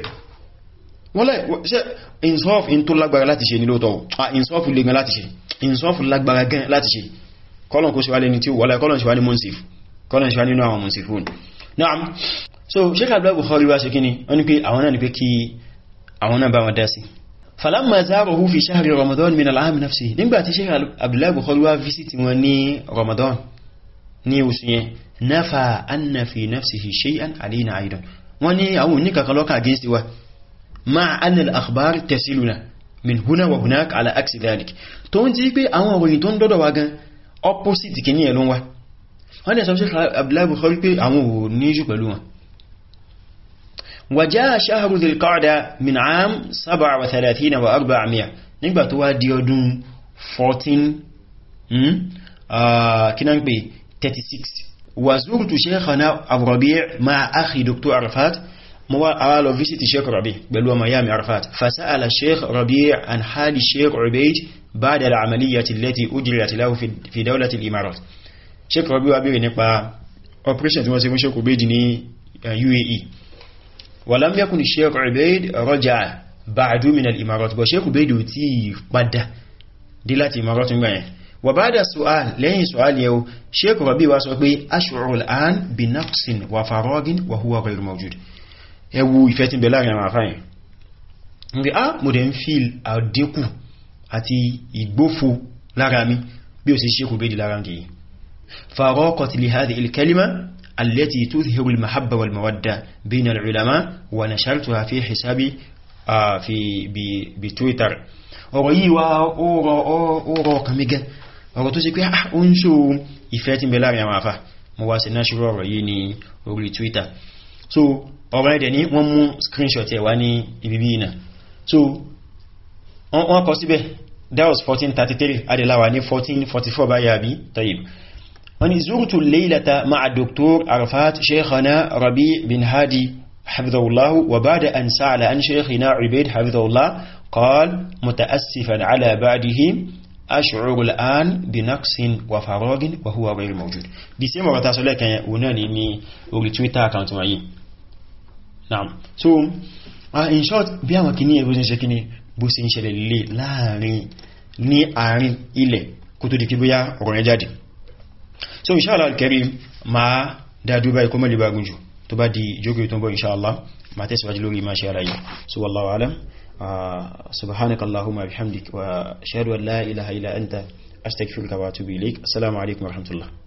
in tó lágbára láti ṣe nílòtọ̀ à ah, insof lè gan láti ṣe insof lágbára gan láti ṣe kọ́lọ̀n kó ṣe wá lẹ́ni na'am so sheikh abdul bukhari wa ṣe kíni wọ́n ní pé àwọn náà ní pé kí àwọn náà bá wọn dá sí falamma zarahu fi shahri ramadan min al'am nafsi nígbà tí sheikh abdul bukhari wa visit wọn ní ramadan ní oṣù yẹn nafa anna fi nafsihi shay'an alina aidan wọ́n ní àwọn ní kankan lọ́kàn against wa ma anna al-akhbar min huna wa hunaka ala aksi dhalik tó ń ti pé àwọn òròyìn tó ń dọ́dọ̀ wa gan opposite kìíní ẹ̀ ló wọ́n ni ẹ̀sọ́n Abdullahi buhari pé àwọn ò ní jù pẹ̀lú wọn wàjá shahru dhil qa'da min am 37 wa 400 nígbà tó wá di ọdún 14 kínan pé 36 wa zurtu shaykhana Ar-Rabi' ma akhi Dr. arfat mo wá ara lọ visit Sheikh Rabi' pẹ̀lú ọmọ yami arfat Arafat fasa'ala Sheikh Rabi' an hali Sheikh Ubayd ba'da al-amaliyati allati ujrat lahu fi dawlati al-Imarat sheik rabi wa bèèrè nípa operation tí wọ́n ṣe fún sheik obeid ní eh, uae walam yakun sheik obeid rọjà ba'du min al-imarat bọ̀ sheik obeid ò tí padà dé láti imarat ń gbàyẹn wà bá dà su'al lẹ́yìn su'al yẹ̀wò sheik rabi wa sọ pé ash'uru al-an bi naqsin wa faragin wa huwa ghayr mawjud ẹwu ìfẹ́ tí ń ah, mi bí ó sì ṣe kò bédì lára ń kìí فراقت لهذه الكلمة التي تظهر المحبة والمودة بين العلماء ونشرتها في حسابي آه في بتويتر ọ̀rọ̀ yìí wá ọ̀rọ̀ ọkàn mi gẹ́ ọ̀rọ̀ tó sì pé ó ń ṣò ìfẹ́ tí ń bẹ láàrin àwọn àfà mo wá sí náṣírò ọ̀rọ̀ yìí ní orí Twitter so ọ̀rọ̀ ẹ̀dẹ̀ ní wọ́n mú screenshot ẹ̀ wá ní ibibi ìnà so wọ́n kọ síbẹ̀ that was 1433 adelawa ní 1444 báyà bí tayib أني زرت الليلة مع الدكتور عرفات شيخنا ربيع بن هادي حفظه الله وبعد أن سأل عن شيخنا عبيد حفظه الله قال متأسفا على بعده أشعر الآن بنقص وفراغ وهو غير موجود بسي مرة تاسولة كان يوناني ني أوري تويتر أكاونت معي نعم so uh, in short bí àwọn kìíní ẹgbẹ́ ṣe kìíní bó ṣe ń ṣẹlẹ̀ lè láàrin ní àárín ilẹ̀ kó tó so inṣáàlá al-karim ma dáadú báyìí kó mẹ́lẹ̀ bagun jù tó bá di jókè tó ń bọ̀ inṣáàlá ma tẹ́síwájú lórí ma ṣe ara yìí so wallahu alam ah, subhanaka allahumma bihamdik wa ashhadu an la ilaha illa anta astaghfiruka wa atubu ilaik assalamu alaikum wa rahmatullah